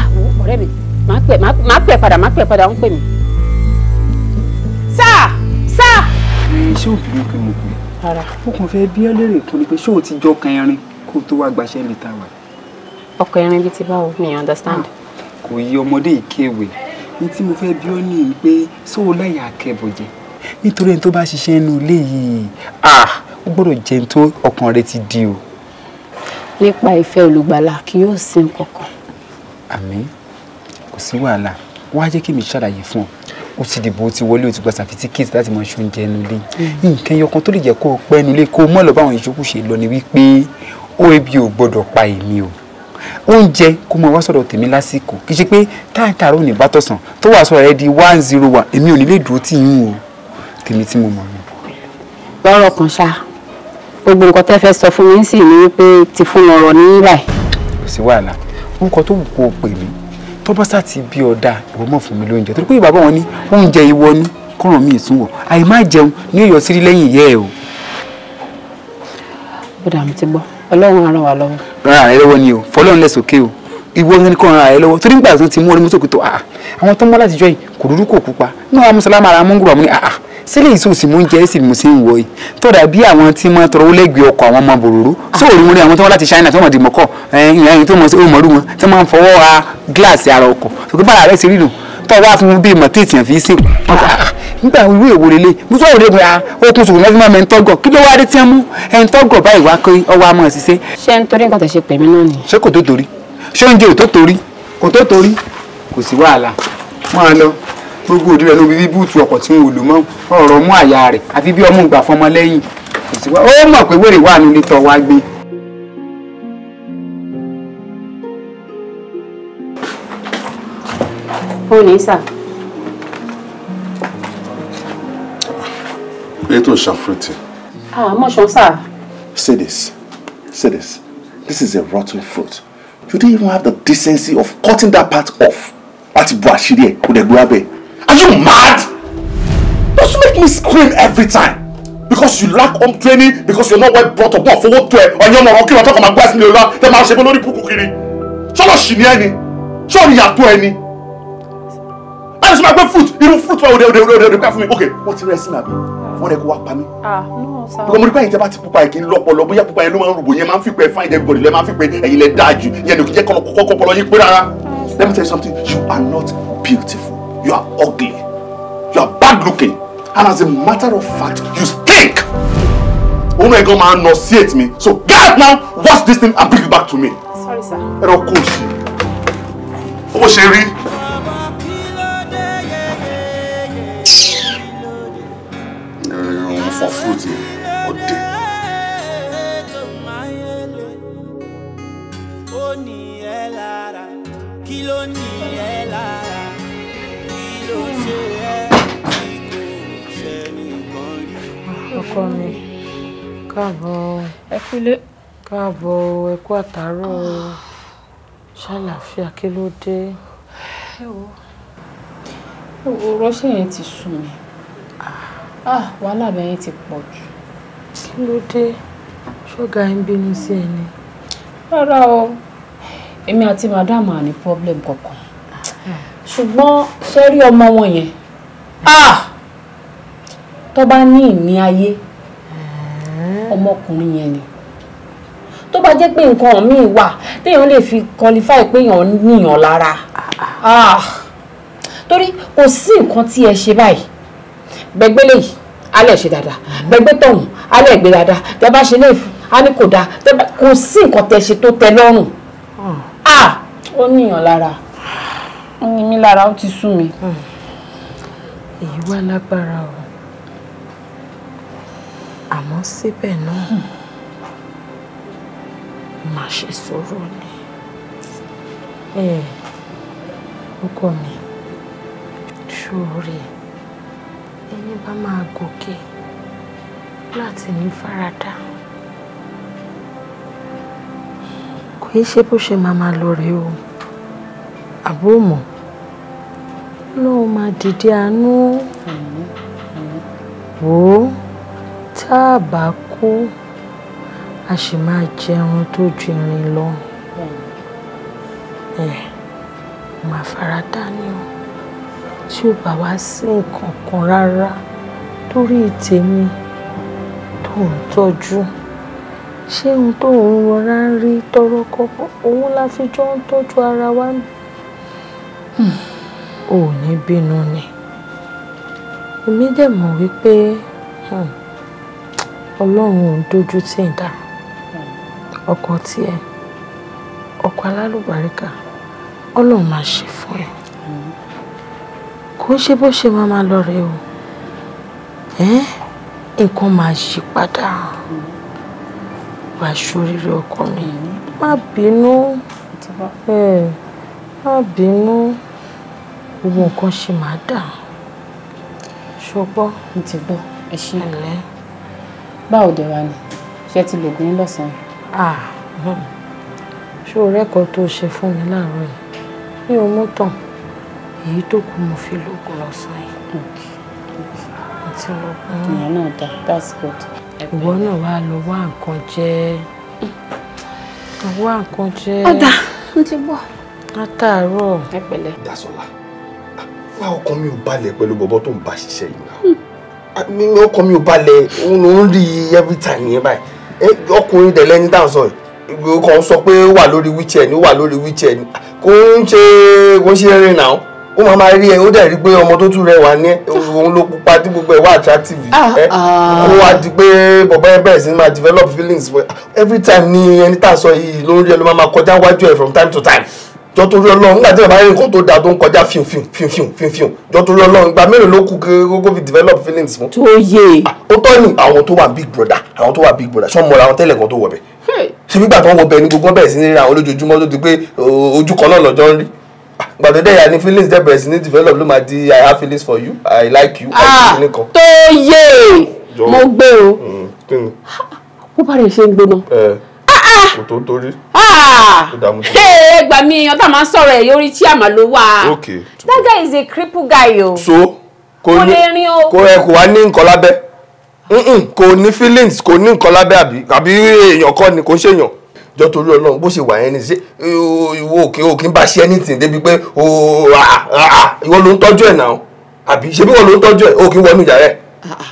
Speaker 5: àwọn ah, ọ̀rẹ́ mi máa pẹ́ máa pẹ́ padà máa pẹ́ padà ó ń pè mí.
Speaker 3: sáà sáà. ẹ eh, ṣé o bínú pé mo pè
Speaker 5: rárá ó kàn fẹ́ bí ẹ
Speaker 3: lérè tó ni pé ṣé o ti jọ kan irin kó o tó wá gbaṣẹ́ lè ta wà.
Speaker 5: ọkọ irin bíi ti báwo mi
Speaker 3: understand. Ah, kò yí ọmọdé ìkéwèé ní tí mo fẹ́ bí ó ní i pé sóò láyà akẹ́bọ̀jẹ́ nítorí ẹni tó bá ṣiṣẹ́ inú ilé yìí ah, ó gbọ́dọ̀ jẹun tó ọkàn rẹ ti di o.
Speaker 5: nípa ìfẹ́ olùgbàlà kì yóò sin kankan
Speaker 3: àmín kò sí wàhálà wá jẹ́ kí mi ṣàlàyé fún ọ ó ti dìbò ó ti wọlé ó ti gba certificate láti mọ ṣoúnjẹ ẹnu lé nǹkan ẹyọ tó lè jẹ́ kó o pẹ́ ẹnu lé kó o mọ̀ lọ báwọn ìjókòó ṣe lọ ni wípé ó ebi ò gbọ́dọ̀ pa èmi o oúnjẹ kó máa wá sọ̀dọ̀ tèmi lásìkò kì í ṣe pé táàtàrà ò ní bá tọ̀sán tó wà sọ̀rọ̀ rẹ di one zero one èmi ò ní lè dúró
Speaker 5: tì yín o tèmi tí mo mọ̀ ni. lọ́rọ̀ kan ṣá gbogbo nǹkan tẹ́ fẹ́ sọ fún mi sì ni wípé ti fún ọ̀rọ̀ ní báyìí. kò sí wàhálà nǹkan tó wù
Speaker 3: kó o pè mí tó bá sáà ti bí ọ̀dà ìwọ mọ̀ fún mi lóúnjẹ torí pé bàbá wọn ní oúnjẹ ìwọ ni kọ́ràn mi ìsúnwọ̀ àì má jẹun ní èyọ sí lẹ́yìn ìyá ẹ o.
Speaker 5: bùdà mi ti gbọ́ ọlọ́run á ràn wá lọ́wọ́.
Speaker 3: rárá ẹ lọ́wọ́ ni o fọlọ́run lẹ̀ sókè o ìwọ ní kọ́ran ara ẹ lọ́wọ́ torí nígbà tó ti mú orí mú sókè tó ah, ah,
Speaker 5: àwọn tó mọ́ láti jọ yìí kò dúdú kò pupa
Speaker 3: náà sílẹ̀ ìsòsì mú jẹ́ sì mú sí ìwọ yìí tó dàbí àwọn tí wọ́n tọrọ ó lẹ́gbẹ̀ẹ́ ọkọ̀ àwọn ọmọ bòròró sóòrùn wọn ni àwọn tó wọ́n láti China tó wọ́n di mọ́kọ̀ ìyá yìí tó mọ̀ sí òmòrú wọn tó máa ń fọwọ́ ra gíláàsì ara ọkọ̀ ṣùgbọ́n bàrà rẹ̀ sí rírun tó wá fún bíi mọ̀tí ìtìyàn fi sìn ah, nígbà ìwé ìwò lélẹ̀ bùsọ̀ òde gba okùn ṣùgbọ́n fún mi ẹ̀ńtọ́gọ̀ kí ló wá dé tí mú ẹ̀ńtọ́gọ̀ báyìí wá gbogbo òdi rẹ̀ ló bí búùtù ọkọ̀ tí wọn ò lò mọ́ ọ̀rọ̀ mú àyà rẹ̀ àfi bí ọmọ ìgbà fọmọ lẹ́yìn ó mọ̀ pé wèrè wà
Speaker 5: nílé tọ́ wá gbé. ó ní sà.
Speaker 3: Eto Shafruti.
Speaker 5: Ah, Moshan, sir.
Speaker 3: Say this. Say this. This is a rotten fruit. You didn't even have the decency of cutting that part off. Àti bu àṣírí ẹ̀ kò dẹ̀ gbé abẹ́. Are you mad? Don't you make me scream every time? Because you lack home training, because you're not well brought up, wọ́n fowó tó ẹ̀, ọ̀yàn ọmọ ọ̀kí wọn tọkọ̀ máa gbá ẹ̀sìn lè ra, tẹ máa ṣe bó lórí kúkú kiri. Ṣọ́nà ṣì ní ẹni, ṣọ́ọ̀nì yàtọ̀ ẹni. Báyọ̀ sọ ma gbé fruit, irú fruit wa òde òde òde òde pẹ́ fún mi. Ok, wọ́n ti rẹ̀ sí mi àbí? Wọ́n rẹ̀ kó wá
Speaker 5: Ah, no, sir. Because mo rí báyìí
Speaker 3: tẹ́ bá ti pupa ìkíni lọ́pọ̀lọ́, lock. pupa yẹn ló máa ń rògbò yẹn máa ń fi pẹ́ fine everybody lẹ́ máa ń fi pẹ́ ẹ̀yin lẹ dáa jù, yẹn You kí jẹ́ kọ́kọ́ kọ́kọ́ lọ yín pé Let me tell you something, you are not beautiful. You are ugly. You are bad looking. And as a matter of fact, you stink. Oh my God, man nauseate me. So get now, wash this thing and bring it back to me. Sorry, sir. Ẹ̀rọ kò ṣe. Owó ṣe rí. Ẹ̀rọ fọ fúrúùtì ọ̀dẹ̀.
Speaker 5: Ó ọkọ mi káàbọ̀ ẹ kúlé káàbọ̀ ẹ kú àtàárọ̀ ṣàlàáfíà kí ló dé. ẹ wo ẹ wo rọ́ṣẹ́ yẹn ti sùn mí ah, wàhálà bẹ́yẹn ti pọ̀ jù. kí ló dé ṣọ́gà ń bínú sí ẹ ni. rárá o èmi àti madam à ní problem kankan ah. ṣùgbọ́n ṣe rí ọmọ wọn yẹn. ah tó bá ní ìní ayé ọmọkùnrin yẹn ni tó bá jẹ́ pé nǹkan míì wà téèyàn lè fi qualify pé èèyàn níyàn lára ah! torí kò sí nǹkan tí ẹ ṣe báyìí gbẹgbẹlẹ yìí alẹ ṣe dáadáa gbẹgbẹ tọhún alẹ gbé dáadáa tẹ bá ṣe léèfù á ní kò dáa kò sí nǹkan tẹ ṣe tó tẹ lọ́rùn ah! ó níyàn lára ó ní mí lára ó ti sú mi. èyí wá lágbára o àmọ́ síbẹ̀ náà má ṣe sọ̀rọ̀ ni ọkọ mi ṣòro ẹni bá máa gòkè láti ní faradà kò í ṣe bó ṣe máa máa lọ rèé o àbóòmọ lóun máa dìde àánú wò ó tá a bá kó a sì máa jẹun tó ju irin lọ ẹ máa fara dá ni o tí ó bá wá sí nǹkan kan rárá torí tèmi tó ń tọ́jú ṣé ohun tó ń rọra ń rí tọrọ kọ́kọ́ òun la fi jọ ń tọ́jú ara wa hmm, ò ní bínú ni èmi dẹ̀ mọ̀ wípé. Hmm ọlọ́run ò dójú tì í dá ọkọ tiẹ̀ ọkọ alálùbáríkà ọlọ́run máa ṣe fún ẹ kò ṣe bó ṣe máa máa lọ rẹ o nǹkan máa yí padà wàá ṣoríire ọkọ mi má bínú
Speaker 4: má bínú gbogbo nǹkan ṣe máa dà
Speaker 5: ṣọgbọ́n ti gbọ́ ẹ ṣe ẹ̀ báwo dẹ̀ wá ni ṣé ti lògùn yín lọ́sàn-án. ṣé o rẹ́kọ̀ọ́ tó ṣe fún mi láàárọ̀ yìí mi ò mú tàn èyí tó kù mo fi lògùn lọ́sàn-án yìí. àti lògùn. ìyẹn náà dá that's good. ìwọ náà wàá lọ wá nǹkan jẹ wá nǹkan jẹ. ọ̀dà n ti bọ̀. látàárọ̀. ẹ pẹ̀lẹ́. dasola
Speaker 3: wá ọkàn mi ò balẹ̀ pẹ̀lú bọ́bọ́ tó ń bá ṣiṣẹ́ yìí mi ò kọ́ mi ò balẹ̀ òun ló ń rí every time yẹn báyìí ọkùnrin dẹ̀ lẹ́ni dáhùn sọ yìí kàn sọ pé ó wà lórí wheelchair ni ó wà lórí wheelchair ni kò ń ṣe kò ń ṣe rìn náà ó máa máa rí ẹ ó dẹ̀ rí pé ọmọ tó tún rẹwà ní òun ló pupa tí gbogbo ẹ̀ wà attractive
Speaker 2: ah, ẹ ah. ó wá
Speaker 3: di pé bọ̀bọ̀ ẹ bẹ̀rẹ̀ sí máa develop feelings every time ni ẹni tá a sọ yìí ló ń rí ẹ ló máa máa kọjá wájú ẹ from time to time jọ torí Ọlọ́run nígbà tí bàbá yẹn kò tó da tó ń kọjá fiun fiun fiun fiun fiun fiun jọ torí Ọlọ́run gba mélòó ló kù kó fi develop feelings fún. tó yé. Ah, ó tọ́ ni àwọn tó wà big brother àwọn tó wà big brother ṣọ́n mọ́ra àwọn tẹ́lẹ̀ kan tó wọ̀ bẹ̀. ṣé nígbà tó ń wọ bẹ ní gbogbo bẹ̀rẹ̀ sí ní ra àwọn olójoojúmọ́ tó ti pé ojú kan náà lọ́jọ́ ń rí. Ah, gbàdúrà dẹ́yà ni feelings dẹ́ bẹ̀rẹ̀ sí ní develop ló máa di I have feelings for you I like you. Ah,
Speaker 5: tó yé mo gbé o mm, bó bá rẹ̀ ṣe ń gbóná
Speaker 3: eh kò ah! tó ń torí.
Speaker 5: Ah! gbà mí èèyàn tá a máa ń sọ̀rọ̀ ẹ̀ yorí tí àmà ló wà. that guy is a cripple guy o. so
Speaker 3: kò ní kò ẹ kò wá ní nǹkan lábẹ́ kò ní feelings kò ní nǹkan lábẹ́ àbí àbí èèyàn kọ́ ni kò ń ṣèyàn jọ torí Ọlọ́run bó ṣe wà yẹn ni ṣe ìwọ òkè òkè ń bá ṣe anything débi pé oh, ah, ìwọ ló ń tọ́jú ẹ̀ náà àbí ṣebí ìwọ ló ń tọ́jú ẹ̀ òkè wọnú ìyá rẹ̀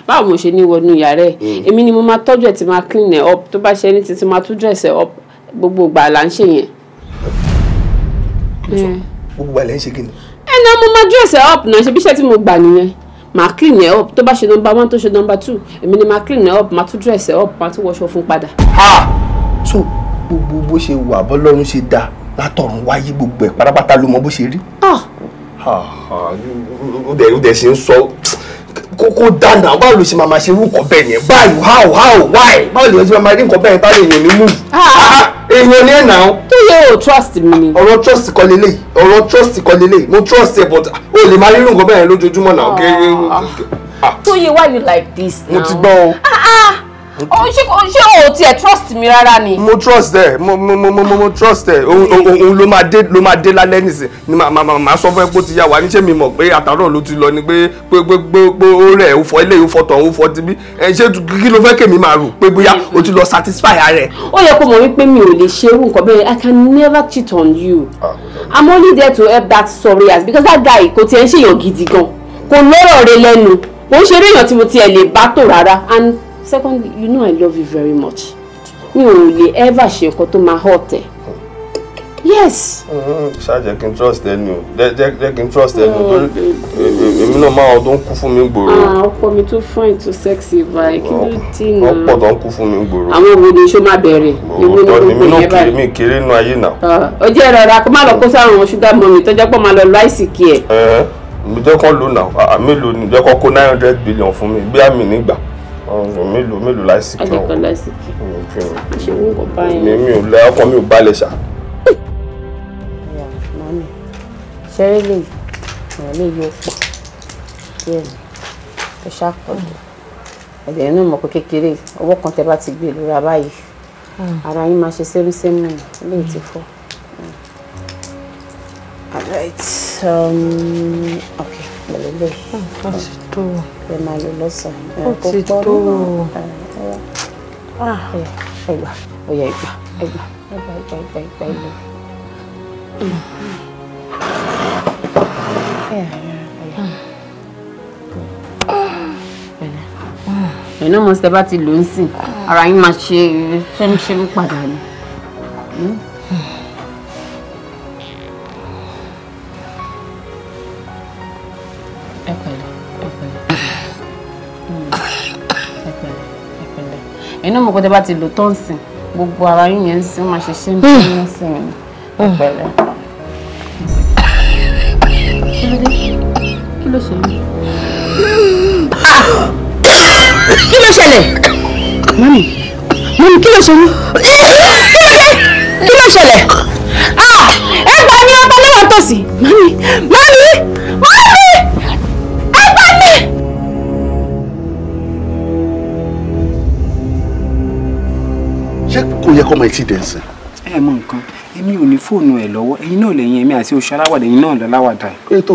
Speaker 5: báwo ṣe ní wọnú yàrá ẹ mm. èmi ni mo máa tọ́jú ẹ ti máa clean ẹ up tó bá ṣe ní títí máa tún dress ẹ up gbogbo ìgbà là ń ṣe yẹn. Mm. gbogbo ìgbà lẹ́ ń ṣe kí ni. ẹ náà mo máa dress ẹ up náà ṣe bí iṣẹ́ tí mo gbà nìyẹn máa clean ẹ up tó bá ṣe number one tó ṣe number two èmi ni máa clean ẹ up máa tún dress ẹ up máa tún wọṣọ fún padà.
Speaker 3: so gbogbo bó ṣe wà bọ́lọ́run ṣe dáa látọ̀run wáyé gbogbo ẹ̀ pátápátá ló mọ bó ṣe rí. Ah! ó dẹ̀ ó dẹ̀ ṣe ń sọ kókó dáná báwo ló ṣe máa máa ṣe irú nǹkan bẹ́ẹ̀ yẹn báyìí how how why báwo ló ṣe máa máa rí nǹkan bẹ́ẹ̀ yẹn báwo ah. èèyàn ní move. èèyàn ní ẹ̀nà o. tó yẹ o trust mi ni. ọ̀rọ̀ trust kọ́ lélẹ̀ ọ̀rọ̀ trust kọ́ lélẹ̀ mo trust ẹ but o lè máa rí irú nǹkan bẹ́ẹ̀ yẹn lójoojúmọ́ náà. Ah. Ah.
Speaker 5: tó yẹ why you like this now. mo ti gbọ́ o o ṣe o ti ẹ trust mi rárá ni.
Speaker 3: mo trust ẹ mo mo mo mo mo trust ẹ òun ló máa dé ló máa dé lálẹ́ nìsín ni màá sọ fún ẹ pé ó ti yá wa níṣẹ́ mi mọ̀ pé àtàrọ̀ ló ti lọ ni pé pé pé pé pé ó rẹ̀ ó fọ ilé ó fọ tọ̀hún ó fọ tibí ẹ ṣé kí ló fẹ́ kèmí máa rò pé bóyá mm-hmm. o ti lọ satisfy
Speaker 5: ara ẹ. ó yẹ kó mọ̀ wípé mi ò lè ṣerú nǹkan bẹ́ẹ̀ I can never cheat on you I'm only there to help that sorry ass because that guy kò tiẹ̀ ń ṣèyàn gidi gan kò lọ́rọ̀ rẹ lẹ́nu kò ń ṣeré èèyàn tí mo tiẹ̀ lè bá tò rárá and Second, you know i love you very much mi ò lè ever ṣe nǹkan tó máa hurt ẹ yes.
Speaker 3: ṣáàjẹ́ kí n trust ẹni o jẹ́ kí n trust ẹni o oh, torí èmi náà máa ọdún kú fún mi gbòòrò. Ah,
Speaker 5: ọkọ mi tó fine tó sexy báyìí kí ló dì náà. ọ̀pọ̀
Speaker 3: tó ń kú fún mi gbòòrò.
Speaker 5: àwọn òwe ni iṣó máa bẹ̀rẹ̀ ewu ni gbogbo yẹn báyìí. mi
Speaker 3: kéré inú ayé náà.
Speaker 5: Ah, ó jẹ́ ìrora kó má lọ kó sáwọn sugar mummy tọ́jọ́ pọ̀ máa lọ lọ àìsíkì ẹ̀. mi jẹ́ kán lò náà ah, mélòó ni jẹ́ kán kó nine
Speaker 3: hundred billion fún mi bí àmì nígbà mélòó mélòó láìsíkì ọ̀hún àjẹkọ̀ láìsíkì ṣe mi ò lẹ ọkọ mi ò balẹ̀ ṣá.
Speaker 4: mami
Speaker 5: ṣẹ́rí lè yọ pọ̀ díẹ̀ ni ẹ ṣàkọọ́dọ̀ ẹ̀dẹ̀ inú ìmọ̀ kékeré ọwọ́ kan tẹ bá ti gbé lóra báyìí hmm. ara yín máa ṣe sẹ́mísẹ́mí lè ti fọ́. Hmm. all um, okay pẹ̀lú lè. ó ti tó o. ẹ máa lò lọ́sàn-án. ó ti tó o. ẹgbà ah. ọ̀yà ẹgbà ẹgbà ẹgbà ẹgbà ẹgbà ẹgbà ẹgbà. Mm. Mm. Mm. ẹ̀yin náà mọ̀ sí ẹ bá ti lò ó ń sìn ara yín máa ṣe ṣẹ́míṣẹ́mí padà ni. inú mi kò tẹ́ bá ti lò tó ń sìn gbogbo ara yín yẹn ń sìn máa ṣe ṣe ń bí ń sìn ní pẹ̀lẹ́.
Speaker 2: kí
Speaker 5: ló ṣẹlẹ̀? mami mami kí ló ṣẹlẹ̀? kí ló ṣẹlẹ̀? Ah, ẹ gbà ní ọba lẹ́wọ̀n tòsí mami mami mami.
Speaker 3: kọ́mọ etí dẹ̀sìn. ẹ mọ nǹkan èmi ò ní fóònù ẹ lọ́wọ́ ẹ̀yin náà lẹ́yìn èmi àti oṣù aláwàdà ẹ̀yin náà lọ́láwàdà. ètò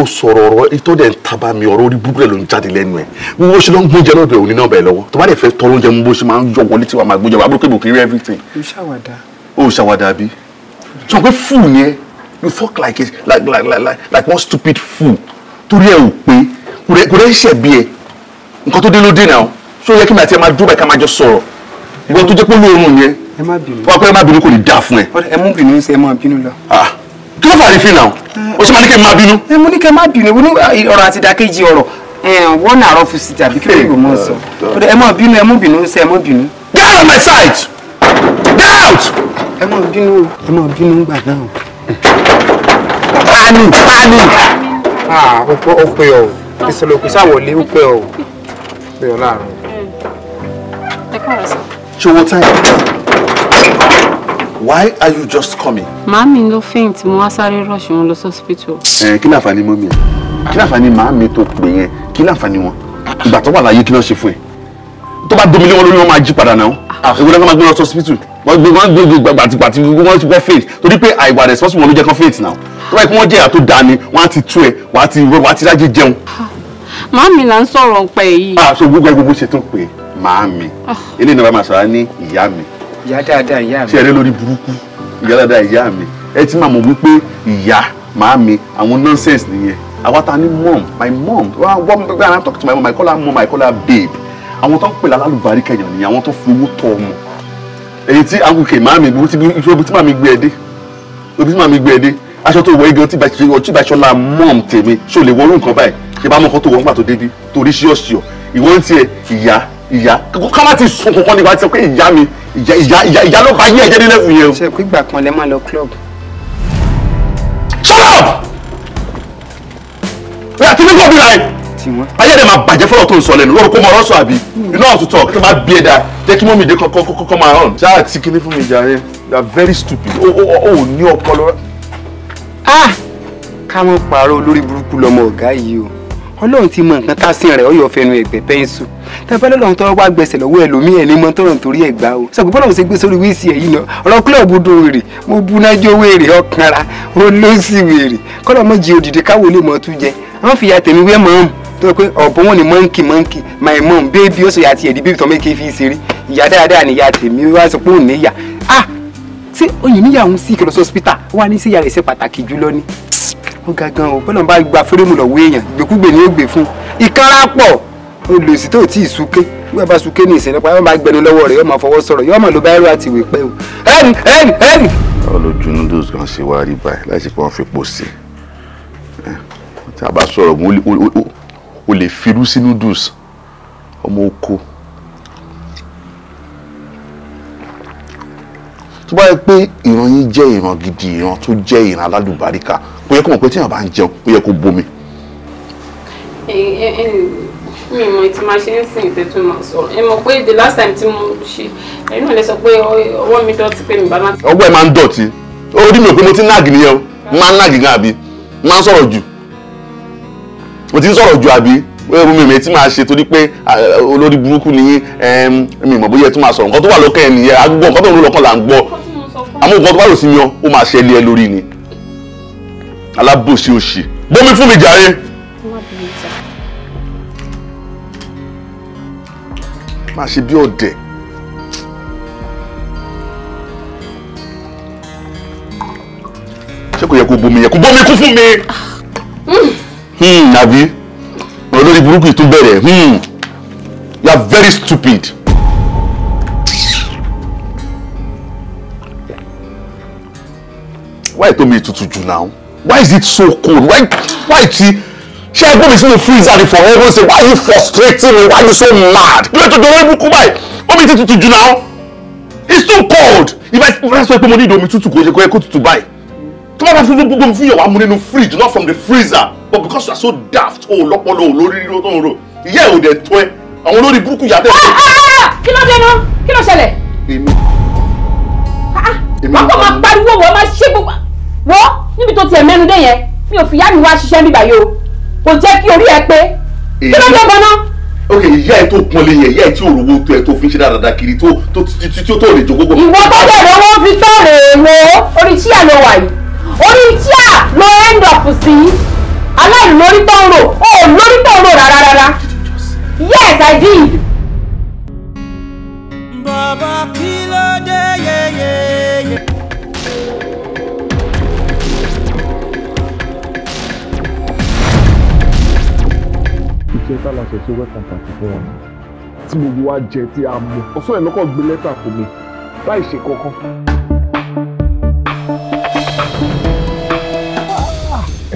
Speaker 3: o sọ̀rọ̀ ọ̀rọ̀ ètò dẹ̀ ń taba mi ọ̀rọ̀ orí búburú ló ń jáde lẹ́nu ẹ̀ bó ṣe lọ ń gbóúnjẹ náà bẹ̀ òní náà bẹ̀ lọ́wọ́ tó bá dẹ̀ fẹ́ tọrọ oúnjẹ bó ṣe máa ń yọ wọlé tí wàá máa gbóúnjẹ wàá bó kébù kiri everything. o ṣàwàdà. o ṣàwàdà bí. sọ pé fúù ni ẹ you fuck like a like like like like one stupid fool torí ẹ ò pé kò rẹ́ ṣẹ̀ bí ẹ nǹkan tó dé ló dé náà ṣó yẹ kí màá ti máa dúró báyìí ìwọ tó jẹ́ pé lóorùn yẹn wọ́n pẹ́ má bínú kò ní dáa fún ẹ. ẹ mú bínú sí ẹ má bínú lọ. Ah, kí ló fà ní fíìnà o ṣe máa ní kẹ́ máa bínú. ẹ mo ní kẹ́ má bínú ọ̀rọ̀ àti ìdàkejì ọ̀rọ̀ wọ́n náà rọ́ọ̀fù sí tàbí kí lóyún mọ̀ sọ ẹ má bínú ẹ mú bínú sí ẹ má bínú. get out of my sight get out. ẹ má bínú ẹ má bínú gbà náà. pani pani. ọpẹ ọpẹ ọ ìṣẹ̀lẹ̀ òkú sáwọlé ọpẹ ọ ọpẹ ọ láàárọ̀. ẹ káàárọ̀ sọ ṣòwò time why are you just coming.
Speaker 5: màámi ló faint mo wá sáré rush wọn lọ sọ́sìpítù.
Speaker 3: ẹ kí láǹfààní mọ́mí ẹ kí láǹfààní màámi tó pè yẹn kí láǹfààní wọn ìgbà tó wà láyé kí ló ṣe fún ẹ tó bá domi lé wọn lórí wọn máa jí padà náà èwo ah. náà wọn máa gbé wọn sọ́sìpítù wọ́n gbé wọ́n gbé gbàgbàtìgbàtì wọ́n ti wọ́n faint torí pé àìwà responsible wọn ló jẹ́ kán faint náà tó báyìí kí wọ́n jẹ́yà tó dáa ni wọ́n á ti tú ẹ wọ́n á ti rájì jẹun. Ah.
Speaker 5: màámi là ń sọ̀rọ̀ ń pẹ́ yìí.
Speaker 3: àṣọ ah, gbogbo ẹ gbogbo ṣe tó pè màá mi ah. eléyìí náà bá máa sọ̀rọ̀ ní ìyá mi.
Speaker 5: ìyá dáadáa ìyá mi. ṣé ẹ rí lórí
Speaker 3: burúkú ìyá dáadáa ìyá mi ẹ ti máa mọ̀ wípé ìyá màá mi àwọn nonsense nìyẹn àwa ta ni mom my mom one when I talk to my mom I call her mom I call her babe àwọn tó ń pè lálálùbárí kẹyàn nìyẹn àwọn tó fi owó tọ ọmọ èyí tí agùnkè màá mi ibi tí màá mi gbé ẹ dé ibi tí màá mi gbé ẹ dé aṣọ tó wọ igi ọtí ìbáṣọlá mom tèmi ṣó lè wọrú nǹkan báyìí ṣe bá mọ nǹkan tó wọ nígbà tó débi torí ṣíọṣíọ ìwọ ń tiẹ ìyá ìyá ká má ti sùn kankan nípa ti sọ pé ìyá mi ìyá ìyá ìyá ló bá yí ẹ̀jẹ̀ nílẹ̀ fún yẹn o. ṣe pígbà kan lẹ máa lọ club. shut up! ẹ àti nígbà bí láì. ayé rẹ̀ máa bàjẹ́ fọlọ́ tó ń sọ lẹ́nu lórúkọ mọ̀ ọ́rọ́ sọ àbí you know how to talk tó bá bí ẹ dáa jẹ́ kí mọ́mí dé kọ́kọ́ máa hàn. ṣáà tí kinní fún mi jàre you are very stupid o ò ní ọpọlọ. ah ká mọ̀ pààrọ̀ olórí burúkú lọmọ ọ̀gá yìí o ọlọ́run ti mọ nǹkan tásìn rẹ̀ ọyọ̀ fẹnu ẹ̀gbẹ́ pẹ́ńsù tẹ́fẹ́ lọ́lọ́run tọ́wọ́ bá gbẹsẹ̀ lọ́wọ́ ẹlòmíì ẹ̀ ní mọ tọ́rọ̀ nítorí ẹ̀ gbá o sọ̀gbọ́n bọ́lọ́run ṣe gbé sórí wíìsì ẹ̀yìn náà ọ̀rọ̀ kílọ̀bù do wèrè mo buná jó wèrè ọ̀kanra olóòsì wèrè kọ́lọ̀ mọ́ jí òdìdí káwọ́ lè mọ́ tún jẹ àwọn fìyà tèmi wẹ́ mọ́ ọ́n tó pé ọ̀bọ wọn ni mọ́ǹkì mọ́ǹkì my mom baby ó sọ ìyá tiẹ̀ di bíbí tọ́ mẹ́kẹ́ fi ṣeré ìyá dáadáa ni ìyá tèmi wá sọ pé òun níyà ah ṣé oyin níyàwó sí ìkẹlọsọ hospital wà ní sí ìyá rẹ̀ ṣe pàtàkì jùlọ ni ó ga gan o bọ́lá bá gba fírímù lọ́wọ́ èèyàn ìgbèkúgbè ni ó gbè fún ìkanra pọ̀ o lè sì tó tí ì súké nígbà bá súké ní ìsìnlẹ̀ pàápàá máa gbẹnu lọ́wọ́ rẹ̀ yóò máa fọwọ́ sọ̀rọ̀ yóò máa lo báírò àti ìwé pẹ́ o ẹnì ẹnì ẹnì. báwo ló ju noodles kan ṣe wá rí báyìí láì ṣe pé wọ́n fi pò sí i tí a bá sọ̀rọ̀ mọ́ o lè firú sí noodles ọmọ oko tó bá yẹ pé ìran yín jẹ́ ìran gidi ìran tó jẹ́ ìran aládùbáríkà ó yẹ kó mọ̀ pé tí èèyàn bá ń jẹun ó yẹ kó bomi.
Speaker 5: mi mọ ìtì máa ṣe ń sìn ìtẹ́tù máa sọ ẹ mọ̀ pé the last time tí mo ṣe ẹ̀yin náà lè sọ pé ọwọ́ mi dọ̀tí pé mi bá má.
Speaker 3: ọwọ́ ẹ máa ń dọ̀tí orí mi ò pé mo ti ń náàgì nìyẹn o máa ń náàgì gan àbí máa ń sọ̀rọ̀ jù mo ti ń sọ̀rọ̀ jù àbí ẹrù mi mi ti máa ṣe torí pé olórí burúkú ni mi mọ̀ bóyá ẹ tún máa sọ̀rọ̀ nǹkan tó wà lọ́kàn ẹ nìyẹn agbọ̀n nǹkan tó ń lọ́kàn là ń gbọ́ àmọ́ nǹkan tó bá lò sí ó máa ṣẹlẹ̀ lórí ni alábòsí òṣì bómi fún mi jàre. má ṣe bí ọ̀dẹ̀. ṣé kò yẹ kó bomi yẹ kó bomi kú fún mi. àbí hmm, olórí burúkú yìí tún bẹ̀rẹ̀ hmm. you are very stupid. wáyé tó mi tutù jù náà why is it so cold why why ti ṣé ẹgbẹ́ mi sínú freezer ni for heaven say why you frustrating me why you so mad kí ló tó dọ̀rọ̀ ibùkún báyìí omi ti tutù jù náà it's too cold if i if i sọ pé mo ní ìdòmí tutù kò yẹ kó yẹ kó tutù báyìí tí wọ́n bá fi gbogbo mi fún yẹ̀wò amú nínú fridge not from the freezer but because you are so daft o oh, lọ́pọ̀lọ́ olórí ló tó ń ro ìyá
Speaker 5: ẹ̀ ò dẹ̀ tó ẹ àwọn olórí burúkú yàtọ̀. Ah, ah, ah, kí ló dé náà kí ló ṣẹlẹ̀. èmi. wọ́n kò máa pariwo wọ́n máa ṣe gbogbo wọ́ níbi tó tiẹ̀ mẹ́nu dé yẹn mi ò fi yá mi wá ṣiṣẹ́ bíbà yìí o kò jẹ́ kí orí ẹ pé kí ló dé gan-an.
Speaker 3: ok ìyá ẹ tó pọnlé yẹn ìyá ẹ tí òròwó tó ẹ tó fi ń ṣe dáadáa kiri tó tó tó lè jogogo. ìwọ tó bẹ̀rẹ̀ owó fi tọ́ rèé wo orí tíà ló wà yìí
Speaker 5: orí tíà ló end up sí aláìlórí tó ń rò ó lórí tó ń rò rárá rárá yes i did.
Speaker 6: bàbá kí
Speaker 3: iṣẹ́ tá a láṣẹ tó wẹ́ pàtàkì fún wọn tí gbogbo wa jẹ tí a mú ọ̀sán ẹ̀ lọ́kọ̀ gbé lẹ́tà fún mi láì ṣe kankan.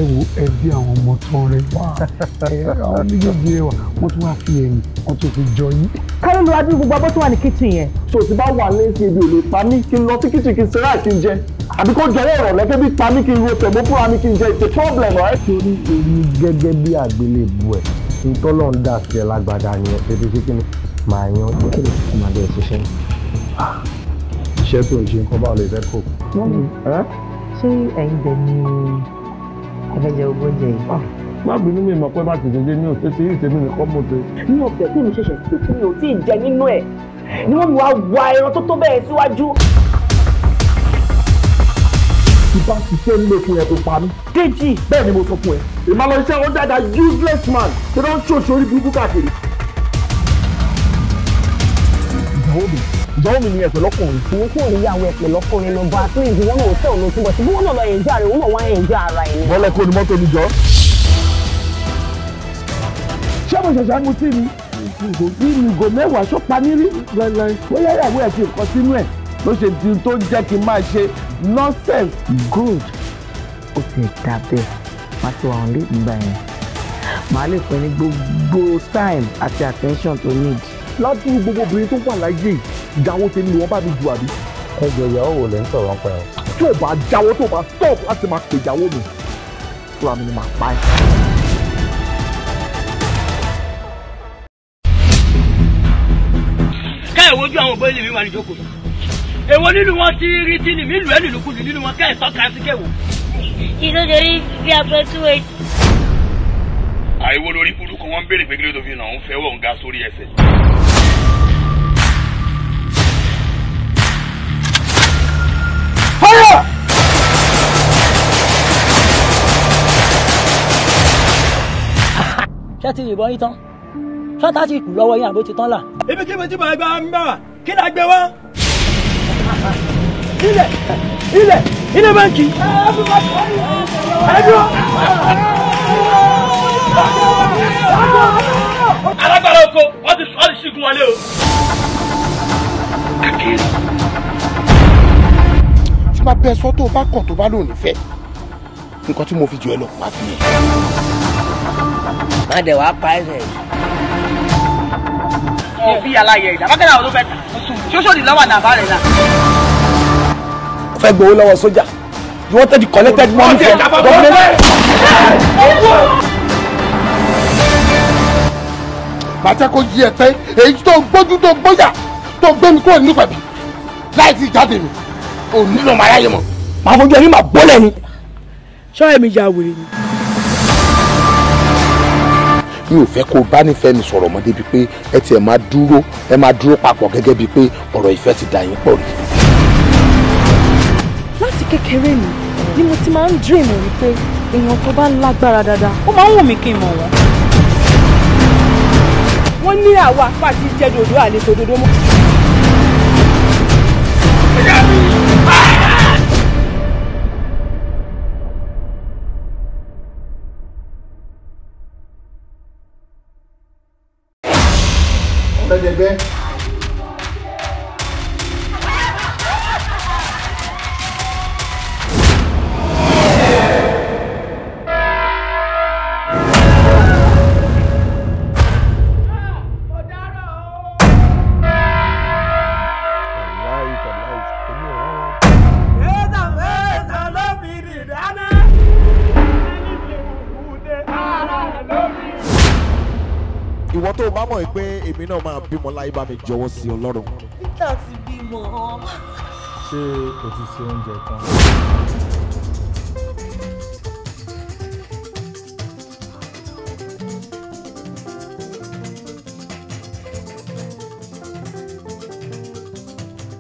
Speaker 3: ẹ wo ẹbí àwọn ọmọ tán rẹ wá àwọn méjèèjì rẹ wá wọn tún wá fi ẹ̀yìn wọn tún fi jọ yín. kálí ló wá bí gbogbo abọ́ tó wà ní kitchen yẹn. so tí bá wà ní ẹsẹ̀ ibi ò lè pa mí kí n lọ sí kitchen kí n ṣe ráì kí n jẹ àbí kó jọ̀wọ́ ọ̀rọ̀ lẹ́kẹ́ bí pa mí kí n ro tẹ̀gbọ́n fúnra mi kí n jẹ it's a problem torí èmi gẹ́gẹ́ bí àgbélébùú ẹ̀ ntọ́lọ̀ ń dà sí ẹ lágbàdá ni ebi sí kí ni màá yan kí ni màá bẹ̀rẹ̀ ṣiṣẹ́ iṣẹ́ tó ń ṣe nǹkan báwo lè fẹ́ kó. wọ́n mi ṣé ẹ̀yin bẹ̀ ni ẹ̀fẹ̀ jẹ ogún jẹ yìí. Ah, má bínú mi mọ̀ pé má tètè dé ní òtún tí ìṣe mi nìkan mọ̀ tó. ní ọ̀sẹ̀ tí mi ṣẹ̀ṣẹ̀ sí tí mi ò tí ì jẹ nínú ẹ̀ ni wọ́n mi wá wa ẹran tó tó bẹ́ẹ̀ síwájú ti bá ṣiṣẹ́ nílé fún ẹ tó pa mí. Dèjì. Bẹ́ẹ̀ mo sọ fún ẹ. Ìmọ̀lọ ó dáadáa useless man tó ló ń ṣòṣò orí burúkú káàkiri. Ìyàwó mi ìyàwó mi ni ẹ̀pẹ̀ lọ́kùnrin.
Speaker 1: Mo kúrò níyàwó ẹ̀pẹ̀ lọ́kùnrin lọ bá tí wọ́n náà tẹ̀ ọ́ lọ túbọ̀ tí wọ́n náà lọ ẹ̀jọ́ ààrẹ wọ́n náà wá ẹ̀jọ́ ara
Speaker 3: ẹ̀ Bọ́lá kò ní mọ́tò mi jọ. Ṣé mo ṣẹ̀ṣẹ̀ mutí ni? Ìgò mẹ́wàá ṣó pa mí rí. Bóyá ìyàwó ẹ̀ fi nǹkan sínú ẹ̀ ló ṣe di tó jẹ́ kí n máa ṣe nonsense. good ó ti dà bẹ́ẹ̀ má ti wà wọn lé ìgbà yẹn màá lè fún ní gbogbo time àti attention to need. ládùúgbò gbogbo obìnrin tó wà láyé ìyàwó tèmi ni wọ́n bá mi jù àbí. ẹ jọ ìyàwó wo lẹ ń sọ̀rọ̀ ń pẹ́ o. tó o bá jáwọ́ tó o bá stop láti máa pè ìyàwó mi fúra mi ni màá pa ẹ́. ká ẹ̀ wojú àwọn bọ́ẹ̀lì mi wà ní jókòó èwo nínú wọn ti rí tí nìmí lù ẹ́ nìlúkulù nínú wọn kẹ́ẹ̀tọ́ kan sí kẹwò. ìdójẹ́rí bí agbẹ́ tún wẹ̀. àìwo lórí burúkú wọn béèrè pé kílódé fi hàn ń fẹ́ wọ̀ ń ga sórí ẹsẹ̀.
Speaker 4: fire. ṣé ti yìnbọn yín tán
Speaker 3: ṣé tá a ti kù lọ́wọ́ yín àbó ti tán là.
Speaker 6: ibi kí mo ti bọ̀ ẹgbẹ́ mi bá wà kí ni a gbé wá ilẹ̀ ilẹ̀ ilẹ̀ báńkì.
Speaker 3: alágbára oko wọ́n ti sọ́ọ́ ṣígun wọlé o. tí máa bẹ sọ tó o bá kàn tó bá lò nífẹ̀ẹ́ nǹkan tí mo fi jù ẹ lọ wá fi yẹn. má
Speaker 2: dẹ̀ wá pa ẹ̀sẹ̀. mo bí aláyẹ̀ ìdá bákẹ́rẹ́ àwọn ló fẹ́ ta ṣóṣòdì lọ́wọ́ nàbà rẹ̀ náà.
Speaker 3: o fẹ́ gbowó lọ́wọ́ sójà you wanted the collected money from government. bàtẹ́ kò yí ẹ pé èyí tó gbójú tó gbóyà tó gbé mi kúrò nínú pẹ̀bí láì ti jáde mi ò nílò màá yá yé mọ́. màá fojú ẹni màá bọ́lẹ̀ ni. sọ́ọ̀ mi ya wèrè ni mi ò fẹ́ kó bá nífẹ̀ẹ́ mi sọ̀rọ̀ mọ́ débi pé ẹ tiẹ̀ máa dúró ẹ máa dúró papọ̀ gẹ́gẹ́ bíi pé ọ̀rọ̀ ìfẹ́ ti dà yín pọ̀ rí.
Speaker 4: láti kékeré mi ni mo ti máa ń dream wípé èèyàn tó bá lágbára dáadáa
Speaker 5: ó máa ń wù mí kí n mọ̀ wọ́n. wọ́n ní àwa pàtí jẹ́ dòdò àlè sòdodo mọ́.
Speaker 3: ìwọ tó o bá mọ̀ pé èmi náà máa bímọ láyé bá mi jọ̀wọ́ sí ọlọ́run.
Speaker 4: Peter ti bímọ.
Speaker 6: ṣé o ti ṣe oúnjẹ tán.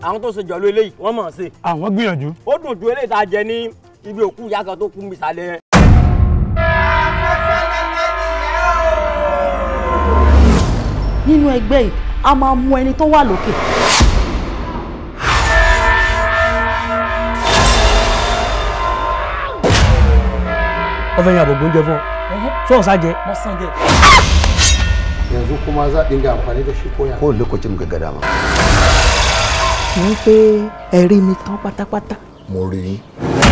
Speaker 3: àwọn tó ṣe jọ̀lú eléyìí wọ́n mọ̀ ọ́n ṣe. àwọn ah, gbìyànjú. ó dùn ju eléyìí tá a jẹ ní ibi òkú ìyá tó kú mi sálẹ̀
Speaker 4: nínú ẹgbẹ́ yìí a máa mú ẹni tó wà lókè.
Speaker 3: ọfẹ yẹn àbògbó ń jẹ fún ọ fún ọsàn jẹ. yanzu kuma za dinga amfani da shi koya. kowane lokacin muka gada ma.
Speaker 5: mo ń pe ẹ̀rí mi tán pátápátá.
Speaker 3: mo rí i.